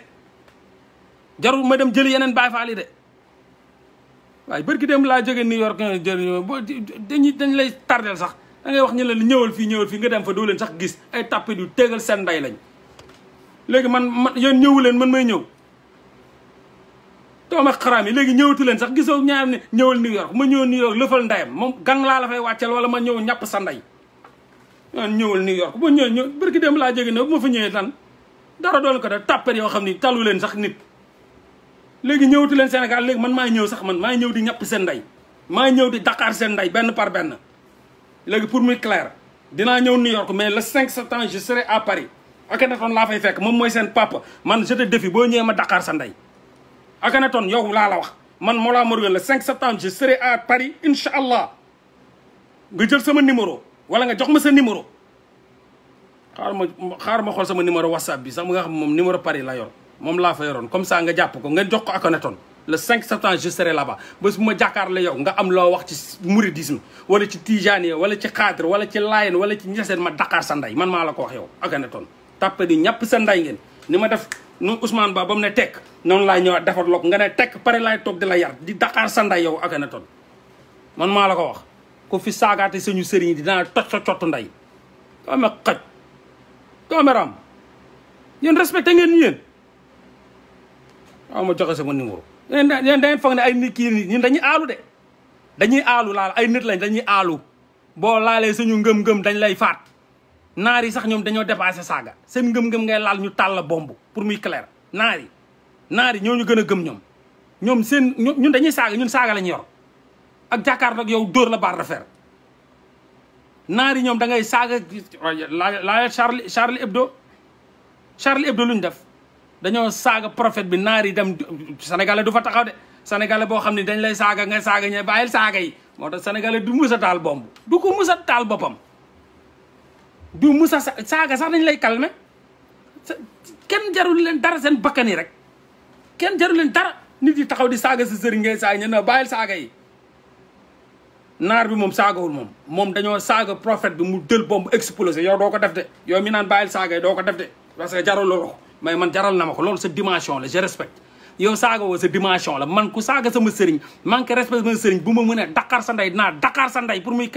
jarul ma dem jëli yeneen Baye Fall yi de waaye bërki dem laa jógee New York eh, jël dañuy dañ lay tardel sax da ngay wax ñu la ñëwal fii ñëwal fii nga dem fa doo leen sax gis ay tàppit yu tegal seen nday lañ léegi man man yéen ñëwu leen man may ñëw doom ak xaraam yi léegi ñëwatu leen sax gisoo ñaar ne ñëwal New York ma ñëw New York lëfal ndayam moom gang laa la fay wàcceel wala ma ñëw ñàpp sa nday ñëwal New York boo ñëw ñëw bërki dem laa jógee ne bu ma fa ñëwee tan dara doon ko def tàppet yoo xam ni talu leen sax nit léegi ñëwatu leen Sénégal légui man maay ñëw sax man maay ñëw di ñap sen nday maay ñëw di Dakar sen nday benn par benn légui pour muy clair dina ñëw New York mais le 5 septembre je serai à Paris ton la fay fekk mom moy sen papa man je te défi bo ñëw ma Dakar sa akana ton yow la la wax man mola morgan le 5 septembre je serai à Paris inshallah allah nga jël sama numéro wala nga jox ma sa numéro xaar ma xaar ma xol sama numéro whatsapp bi sax nga xam mom numéro Paris la yor mom la fa yoron comme ça nga japp ko ngeen jox ko Akhenaton le 5 septembre je serai là-bas bés buma ma jàkkaarloo yow nga am lo wax ci mouridisme wala ci tijani wala ci xaadir wala ci layen wala ci ñesset ma dakar sa nday man maa la ko wax yow Akhenaton tapé di ñap sa nday ngeen ni ma def nu Ousmane Ba bam ne tek non la ñëw defar lok nga ne tek paré lay tok di yar di dakar sa nday yow Akhenaton man maa la ko wax ko fi sagaté suñu sëriñ di dinaa tot sa nday doome xoj meram. yéen respecté ngeen ñeen waaw ah, joxe sama numéro yéen da yéen ay nit ki nii dañuy alu de dañuy alu, laal ay nit lañ dañuy alu bo laalé suñu ngëm-ngëm dañ lay faat naar yi sax ñom dañoo dépasser saga seen ngëm-ngëm ngay laal ñu tal bombe pour muy clair naar yi naar yi ñoo ñu gëna gëm ñom ñom seen ñun dañuy saga ñun saga lañ yor ak jàkkaarloo ak yow door la barre fer yi da ngay saga la Charlie Charlie Hebdo Charlie Hebdo luñ def dañoo saaga prophète bi naar yi dem sénégalais du fa taxaw de sénégalais boo xam ne dañ lay saaga nga saaga ñe bàyyil saaga yi moo tax sénégalais du mus a taal bomb du ko mus a taal boppam du mus a saaga sax dañ lay calmer kenn jarul leen dara seen bakkan yi rek kenn jarul leen dara nit yi taxaw di saaga sa sëriñ ngay saaga ñe ne bàyyil saaga yi naar bi moom saagawul moom moom dañoo saaga prophète bi mu dël bomb explosé yow doo ko def de yow mi naan bàyyil saaga yi doo ko def de parce que jarul mais man jaral na ma ko loolu sa dimension la je respecte yow saaga woo sa dimension la man ku saaga sama sëriñ manque respect sama bu ma mënee Dakar sa ndey naa Dakar sa ndey pour muy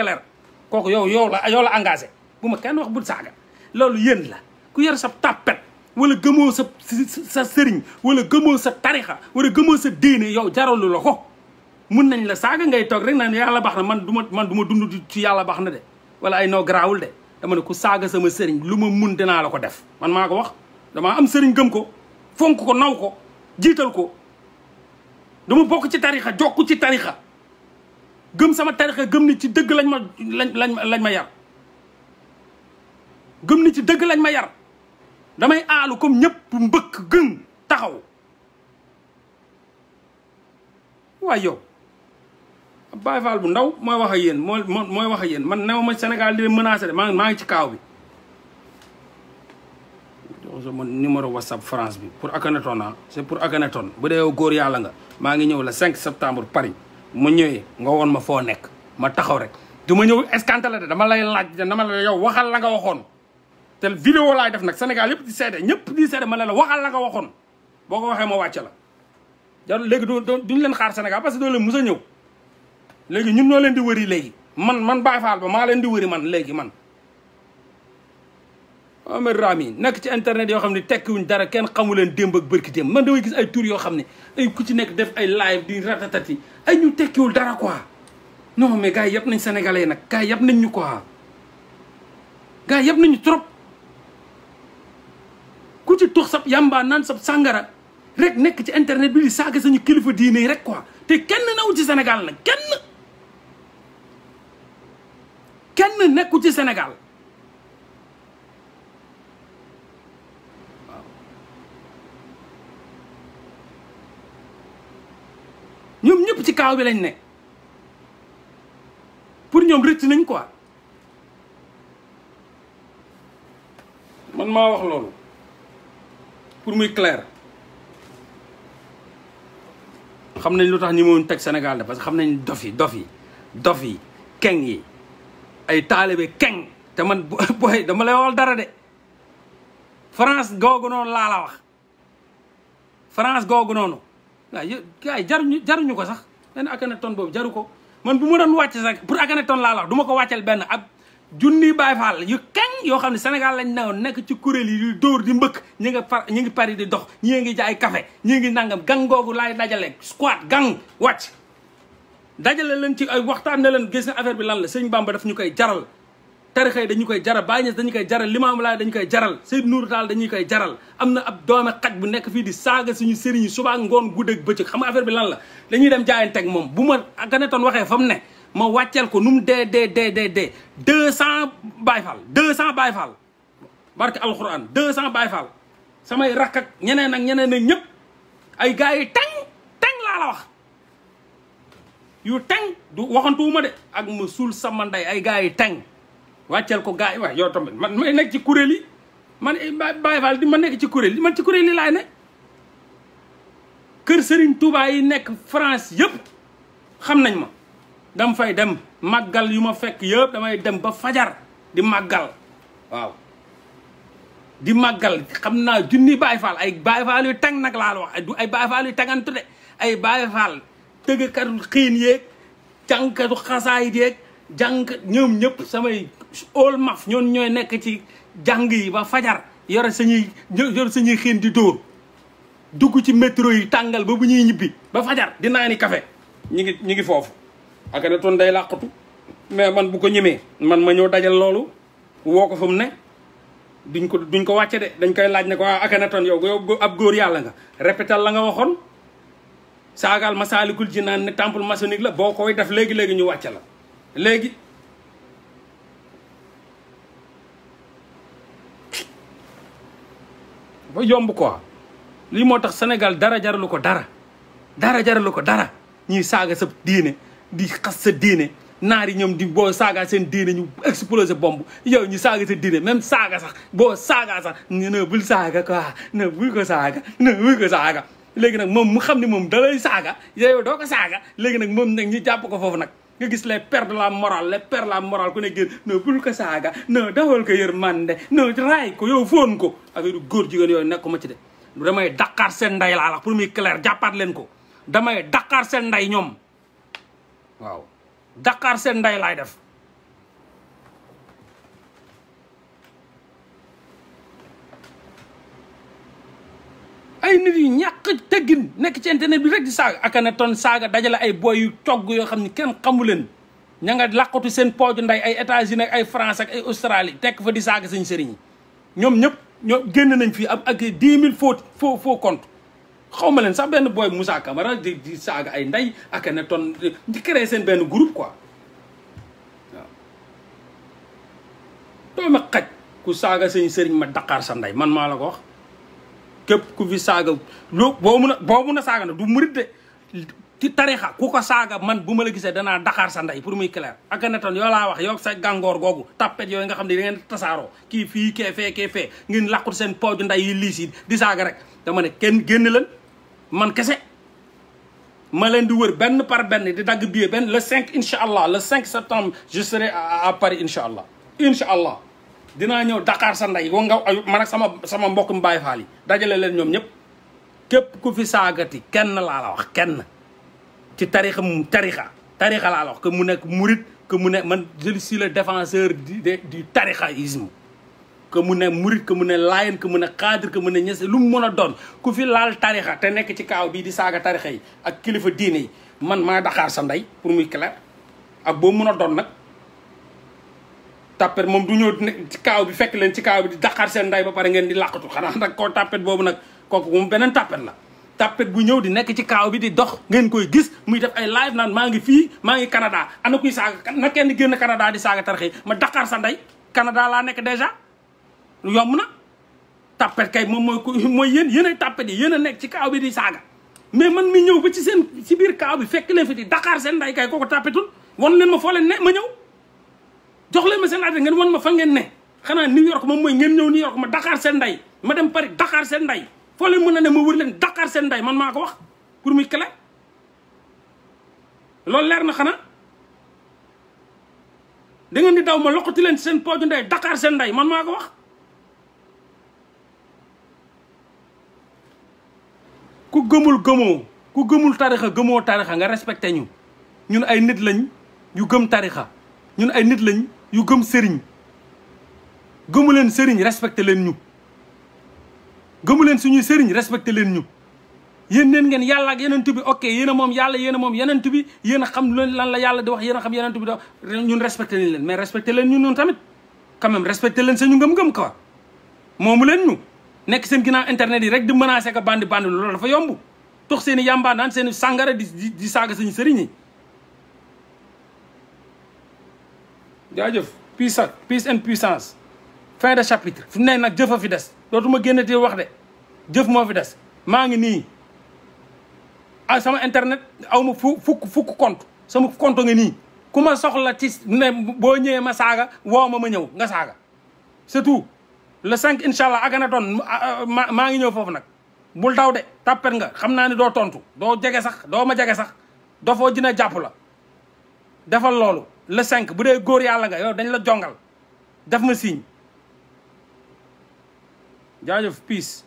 kooku yow yow la yow engagé bu ma kenn wax bu saaga loolu yéen la ku yor sa tàppet wala gëmoo sa sa sëriñ wala gëmoo sa tarixa wala gëmoo sa diine yow jaralu la ko mun nañ la saaga ngay toog rek naan yàlla baax na man du ma man du ma dund ci yàlla baax na de wala ay noo dama ne ku saaga sama sëriñ lu ma mun dinaa la ko def man maa ko wax damaa am sëriñ gëm ko fonk ko naw ko jiital ko dama bokk ci tarixa jokk ci tarixa gëm sama tarixa gëm ni ci dëgg lañ ma lañ lañ ma yar gëm ni ci dëgg lañ ma yar damay aalu comme ñëpp mbëkk gën taxaw waaye yow Baye Fall bu ndaw mooy wax ak yéen mooy wax ak yéen man new ma Sénégal di leen menacé de maa maa ngi ci kaaw bi sama numéro whatsapp France bi pour Akhenaton ah c'est pour Akhenaton bu dee góor yàlla nga maa ngi ñëw la 5 septembre Paris ma ñëwee nga woon ma foo nekk ma taxaw rek du ma ñëw escanté la de dama lay laaj dama la yow waxal la nga waxoon te vidéo laay def nag Sénégal yëpp di seede ñëpp di seede ma ne la waxal la nga waxoon boo ko waxee ma wàcc la jarul léegi duñ leen xaar Sénégal parce que doo leen mus a ñëw léegi ñun ñoo leen di wëri léegi man man Baye Fall maa leen di wëri man léegi man Mohamed Rami nekk ci internet yoo xam ne tekkiwuñ dara kenn xamu leen démb ak bërki démb man damay gis ay tur yoo xam ne ay ku ci nekk def ay live di ratatati ay ñu tekkiwul dara quoi non mais gars yi yëpp nañ sénégalais nag gars yi yëpp nañ ñu quoi gars yi yëpp nañu trop ku ci tux sab yàmbaa naan sab sàngara rek nekk ci internet bi di saaga sañu kilifa diine yi rek quoi te kenn naw ci Sénégal nag kenn kenn nekku ci Sénégal ñoom ñëpp ci kaaw bi lañ ne pour ñoom rëcc nañ quoi man maa wax loolu pour muy clair xam nañ lu tax ñi moon teg Sénégal de parce que xam nañ dof dofi dof yi dof yi keng yi ay taalibe keng te man [LAUGHS] booy dama lay waxal dara de France googu noonu laa la wax France googu noonu waaw yë ñu jaruñu ko sax benn Akhenaton boobu jaru ko mën bu ma doon wàcc sax pour Akhenaton laa la wax du ma ko wàcceel benn ab junni Baay Faal yu kañ yoo xam ne Sénégal lañ newoon nekk ci kuréel yi yu dóor di mbëkk ñi nga par ñi ngi Paris di dox ñi ngi jaay kafe ñu ngi nangam gang googu laay dajale squat gang wàcc dajale leen ci ay waxtaan ne leen gis na affaire bi lan la sëñ Bamba daf ñu koy jaral tarixa dañu koy jaral Baay Ñas dañu koy jaral Limaamu Laay dañu koy jaral Seydou Nourou Tall dañuy koy jaral am na ab doome xaj bu nekk fii di saaga suñu sëriñ yi suba ngoon guddeeg bëccëg xam nga affaire bi lan la dañuy dem teg moom bu ma Akhenaton waxee fa ne ma wàcceel ko nu mu dee dee dee dee dee deux cent Baay Faal deux cent Baay Faal barke alxuraan deux cent Baay Faal samay rakk ak ñeneen ak ñeneen ak ñëpp ay gars yi teng teng laa la wax yu teng du waxantuwuma de ak ma suul sama ndey ay gars yi teng wàcceel ko gars yi waaye yow man may nekk ci kuréel yi man eh, Baye Fall ma nekk ci kuréel yi man ci kuréel yi laay ne kër Serigne Touba yi nekk France yëpp xam nañ ma dam fay dem màggal yu ma fekk yëpp damay dem ba fajar di màggal waaw di màggal xam naa junni Baye Fall ay Baye Fall yu nag laa la wax du ay Baye Fall yu tangantu de ay Baye Fall tëggkatu xiin yeeg jànkatu xasaay yeeg jànk ñoom ñëpp samay all maf ñoon ñoy nek ci jang yi ba fajar yor sañuy yor sañuy xeen di door duggu ci metro yi tangal ba bu ñuy ñibbi ba fajar di naani café ñi ngi ñi ngi fofu ak na ton day laqatu mais man bu ko ñëmé man ma ñëw dajal lolu woo ko ne duñ ko duñ ko wàcce de dañ koy laaj ne ko ah, ak na ton yow ab goor yalla nga répétal la nga waxon saagaal masalikul jinan ne temple maçonnique la bokoy def ñu la dafa yomb quoi lii moo tax senegal dara jaralu ko dara dara jaralu ko dara ñuy saaga sa diine di xas sa diine naar yi ñoom di boo saaga seen diine ñu exploser bombe yow ñu saaga sa diine même saaga sax boo saaga sax ñu ne bul saaga quoi ne bul ko saaga ne bul ko saaga léegi nag moom mu xam ne moom dalay saaga yow doo ko saaga léegi nag moom nag ñu jàpp ko foofu nag nga gis les pères de la morale les pères de la morale ku ne génn non bul ko saaga non dawal ko yër mande non raay ko yow foon ko affaire góor jigéen yooyu nekk ko ma ci de damay daqaar seen nday laa la pour muy clair jàppaat leen ko damay daqaar seen nday ñoom waaw daqaar seen nday laay def ay nit yu ñàkk teggin nekk ci bi rek di saaga aka ne ton saaga dajale ay boy yu togg yoo xam ne kenn xamu leen ña nga làqatu seen pooju ndey ay États-Unis ak ay France ak ay tekk fa di saaga seen sëriñ ñoom ñëpp génn nañ fii am ak dix mille faux faux faux xaw ma leen sax benn booy Moussa Camara di di saaga ay nday aka ne ton di seen benn groupe quoi waaw doomi xaj ku saaga seen sëriñ ma daqaar sa ndey man maa la ko wax kep ku fi saga lo bo mu bo mu na saga du murit de ti tarixa ku ko saga man buma la gisee dana dakar sa nday pour muy clair ak ne toon yoo laa wax yo sa gangor googu tapet yo nga xamni ngeen tassaro ki fi ke fe ke fe ngeen laqut sen nday yi di saga rek dama ne ken genn lan man kese ma len di wër ben par ben di dag billet ben le 5 inshallah allah le 5 septembre je serai à Paris inshallah allah dina ñew Dakar sa ndey nga man ak sama sama mbokk mbay fali dajale leen ñom ñep kep ku fi sagati kenn la la wax kenn ci tarixa mu tarixa la la wax ke mu nek ke mu nek man je suis le défenseur du du tarihaïsme que mu nek murit ke mu nek lion ke mu nek cadre ke mu nek ñess lu mu mën doon ku fi laal tarixa te nek ci kaaw bi di saga tarixa yi ak kilifa diini man ma Dakar sa ndey pour muy clair ak bo mën doon nak tapet mom du ñew ci kaw bi fekk leen ci kaw bi di Dakar seen nday ba pare ngeen di làqatu xana nak ko tapet bobu nak koku mu benen tapet la tapet bu ñew di nekk ci kaw bi di dox ngeen koy gis muy def ay live nan mangi ngi fii maa ngi canada ana kuy saaga kan, na kenn genn canada di saga tarxi ma daqaar sa nday canada laa nekk lu yom na tapet kay mom moy moy yeen yeen ay tapet yi yeen nekk ci kaw bi di saga mais man mi ñew ba ci seen ci bir kaw bi fekk leen fi di Dakar sen nday kay koku tapetul won leen ma fo leen ne ma ñew jox leen ma seen adresse ngeen wan ma fan ngeen ne xanaa New York moom mooy ngeen ñëw New York ma Dakar seen ndey ma dem Paris Dakar seen ndey foo leen mën a ne ma wër leen Dakar seen ndey man maa ko wax pour muy clair loolu leer na xanaa dangeen di daw ma loqati leen seen pooju ndey Dakar seen ndey man maa ko wax ku gëmul gëmoo ku gëmul tarixa gëmoo tarixa nga respecté ñu ñun ay nit lañ yu gëm tarixa ñun ay nit lañ yu gëm sëriñ gëmu leen sëriñ respecté leen ñu gëmu leen suñuy sëriñ respecté leen ñu yéen neen ngeen yàlla ak yenent bi ok yen a moom yàlla yéen a moom yenent bi yéen a xam leen lan la yàlla di wax yéen a xam yenent bi da ñun respecté nañ leen mais respecté ñu noonu tamit quand même respecté leen sañu ngëm-ngëm quoi moomu leen ñu nekk seen naa internet yi rek di menacé ka bandi bandi loolu dafa yomb tox seen i yàmbaa naan seen i di di saaga sañu sëriñ yi jaajëf peace peace and puissance fin de chapitre fu ne nak jëf a fi dess dootuma génnati wax de jëf mo fi dess ma ngi ni a ah, sama internet awma ma fu fukk compte sama compte nga ni kuma soxla ci ne bo ñëwee ma saga woo ma ma ñëw nga saga c'est tout le 5 inshallah allah agana don ma ah, ngi ñëw fofu nak bul daw de taper nga xamna ni do tontu do jege sax do ma jege sax dofoo dina jàpp la defal lolu le 5 bu dee góor yàlla nga yow dañ la jongal def ma signe jaajëf peace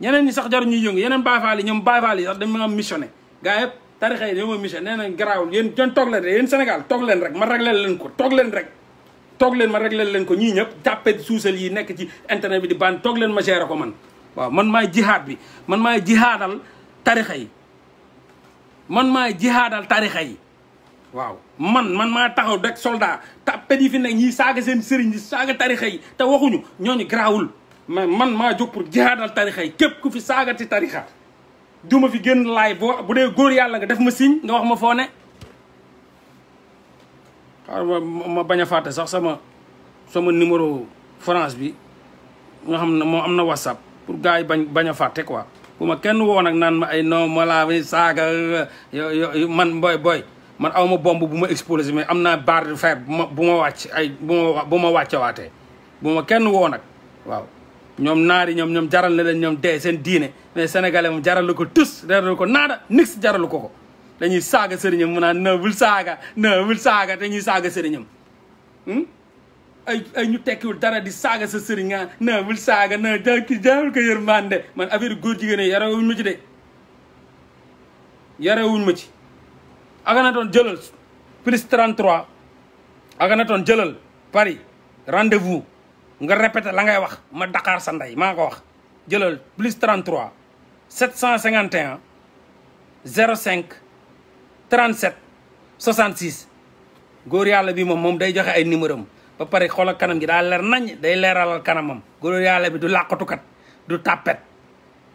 ñeneen ñi sax jaru ñuy yëngu yeneen Baay Faal yi ñoom Baay Faal yi sax dañ ma am missionné gars yëpp tarixa yi ñoo ma missionné nee nañ garaawul yéen toog leen rek yéen leen rek ma réglé leen ko toog leen rek toog leen ma réglé leen ko ñii ñëpp jàppee suusal yi nekk ci internet bi di baan toog leen ma géré ko man waaw man maay jihaad bi man maa jihaadal tarixa yi man maay jihaadal tarixa yi waaw man man maa taxaw rek soldat tapet yi fi nekk ñi saaga seen sëriñ yi saaga tarixa yi te waxuñu ñooñu garaawul mais man maa jóg pour jihaadal tarixa yi képp ku fi saaga ci tarixa duma fi génn laay boo bu dee góor yàlla nga def ma signe nga wax ma foone ma bañ a fàtte sax sama sama numéro France bi nga xam ne moo am na whatsapp pour gars yi bañ bañ a fàtte quoi bu ma kenn woo nag naan ma ay non ma laa saaga man boy boy man aw ma bomb bu ma explosé mais am naa barre de fer bu ma bu ma wàcc ay bu ma bu ma wàccewaatee ma kenn woo nag waaw ñoom naari ñoom ñoom jaral na leen ñoom dee seen diine mais sénégalais moom jaral ko tus jaral ko naada nix jaralu ko ko dañuy saaga sëriñam mu naan na bul saaga na bul saaga dañuy saaga sëriñam hmm? ay ay ñu tekkiwul dara di saaga sa sëriñ nga ah, na bul saaga na ki ko yërmande man man affaire góor jigéen yarewuñ ma ci de yarewuñ ma ci agana don jëlal plus 33 agana don jëlal pari rendez-vous nga répéter la ngay wax ma Dakar sa nday mako wax jëlal plus 33 751 05 37 66 góor yalla bi mom mom day joxe ay numéro am ba pare ak kanam gi da leer nañ day leeralal kanamam góor yalla bi du kat du tapet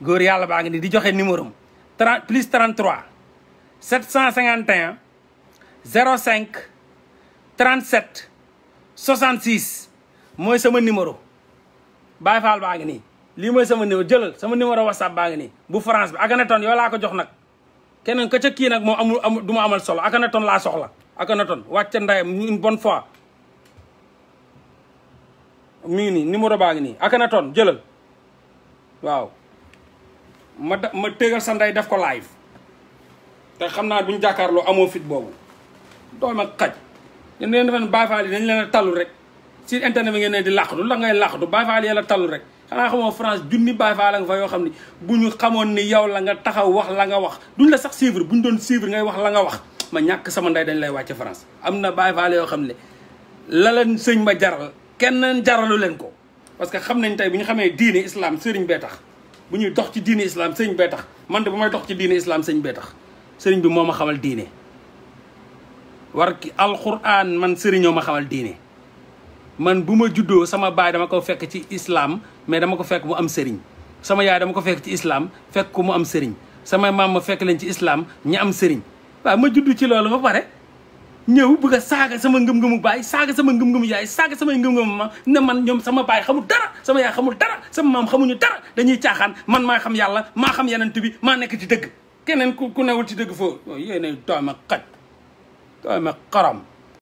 góor yalla baa di joxe numéro 30 plus 33 san 751 05 37 66 mooy sama numéro Baye Fall baa ngi nii lii mooy sama numéro jëlal sama numéro WhatsApp baa ngi nii bu France bi Akhenaton yow laa ko jox nag keneen ka ca kii nag moo amul amul du ma amal solo Akhenaton laa soxla Akhenaton wàcc ndayam une bonne fois mi ngi nii numéro baa ngi nii Akhenaton jëlal waaw ma ma tëgal sa ndey def ko live te xam naa bu ñu jàkkaarloo amoo fit boobu dooma xaj yéen ngeen defe ne Baay Faal yi dañ la tallu rek si internet bi ngeen ne di làqatu la ngay làqatu Baay Faal yi la tallu rek xanaa xamoo France junni Baay Faal la yoo xam ne bu ñu xamoon ni yow la nga taxaw wax la nga wax duñ la sax suivre bu ñu doon suivre ngay wax la nga wax ma ñàkk sama ndey dañ lay wàcce France am na Baay Faal yoo xam ne la leen sëñ ma jaral kenn jaralu leen ko parce que xam nañ tey bu ñu xamee diine islam sëriñ bee tax bu ñuy dox ci diine islam sëñ bee tax man de bu may dox ci diine islam sëñ bee tax sëriñ bi moo ma xamal diine war ki alxuraan man sëriñoo ma xamal diine man bu ma juddoo sama baay dama ko fekk ci islam mais dama ko fekk mu am sëriñ sama yaay dama ko fekk ci islaam fekk ko mu am sëriñ sama maam ma fekk leen ci islaam ñi am sëriñ waaw ma juddu ci loolu ba pare ñëw bëgg a saaga sama ngëm-ngëmu baay saaga sama ngëm-ngëmu yaay saaga samay ngëm-ngëmu ma ne man ñoom sama baay xamul dara sama yaay xamul dara sama maam xamuñu dara dañuy caaxaan man maa xam yàlla maa xam yenent bi maa nekk ci dëgg keneen ku newul ci dëgg foofu oh, yéen ay doomi xaj doomi xaram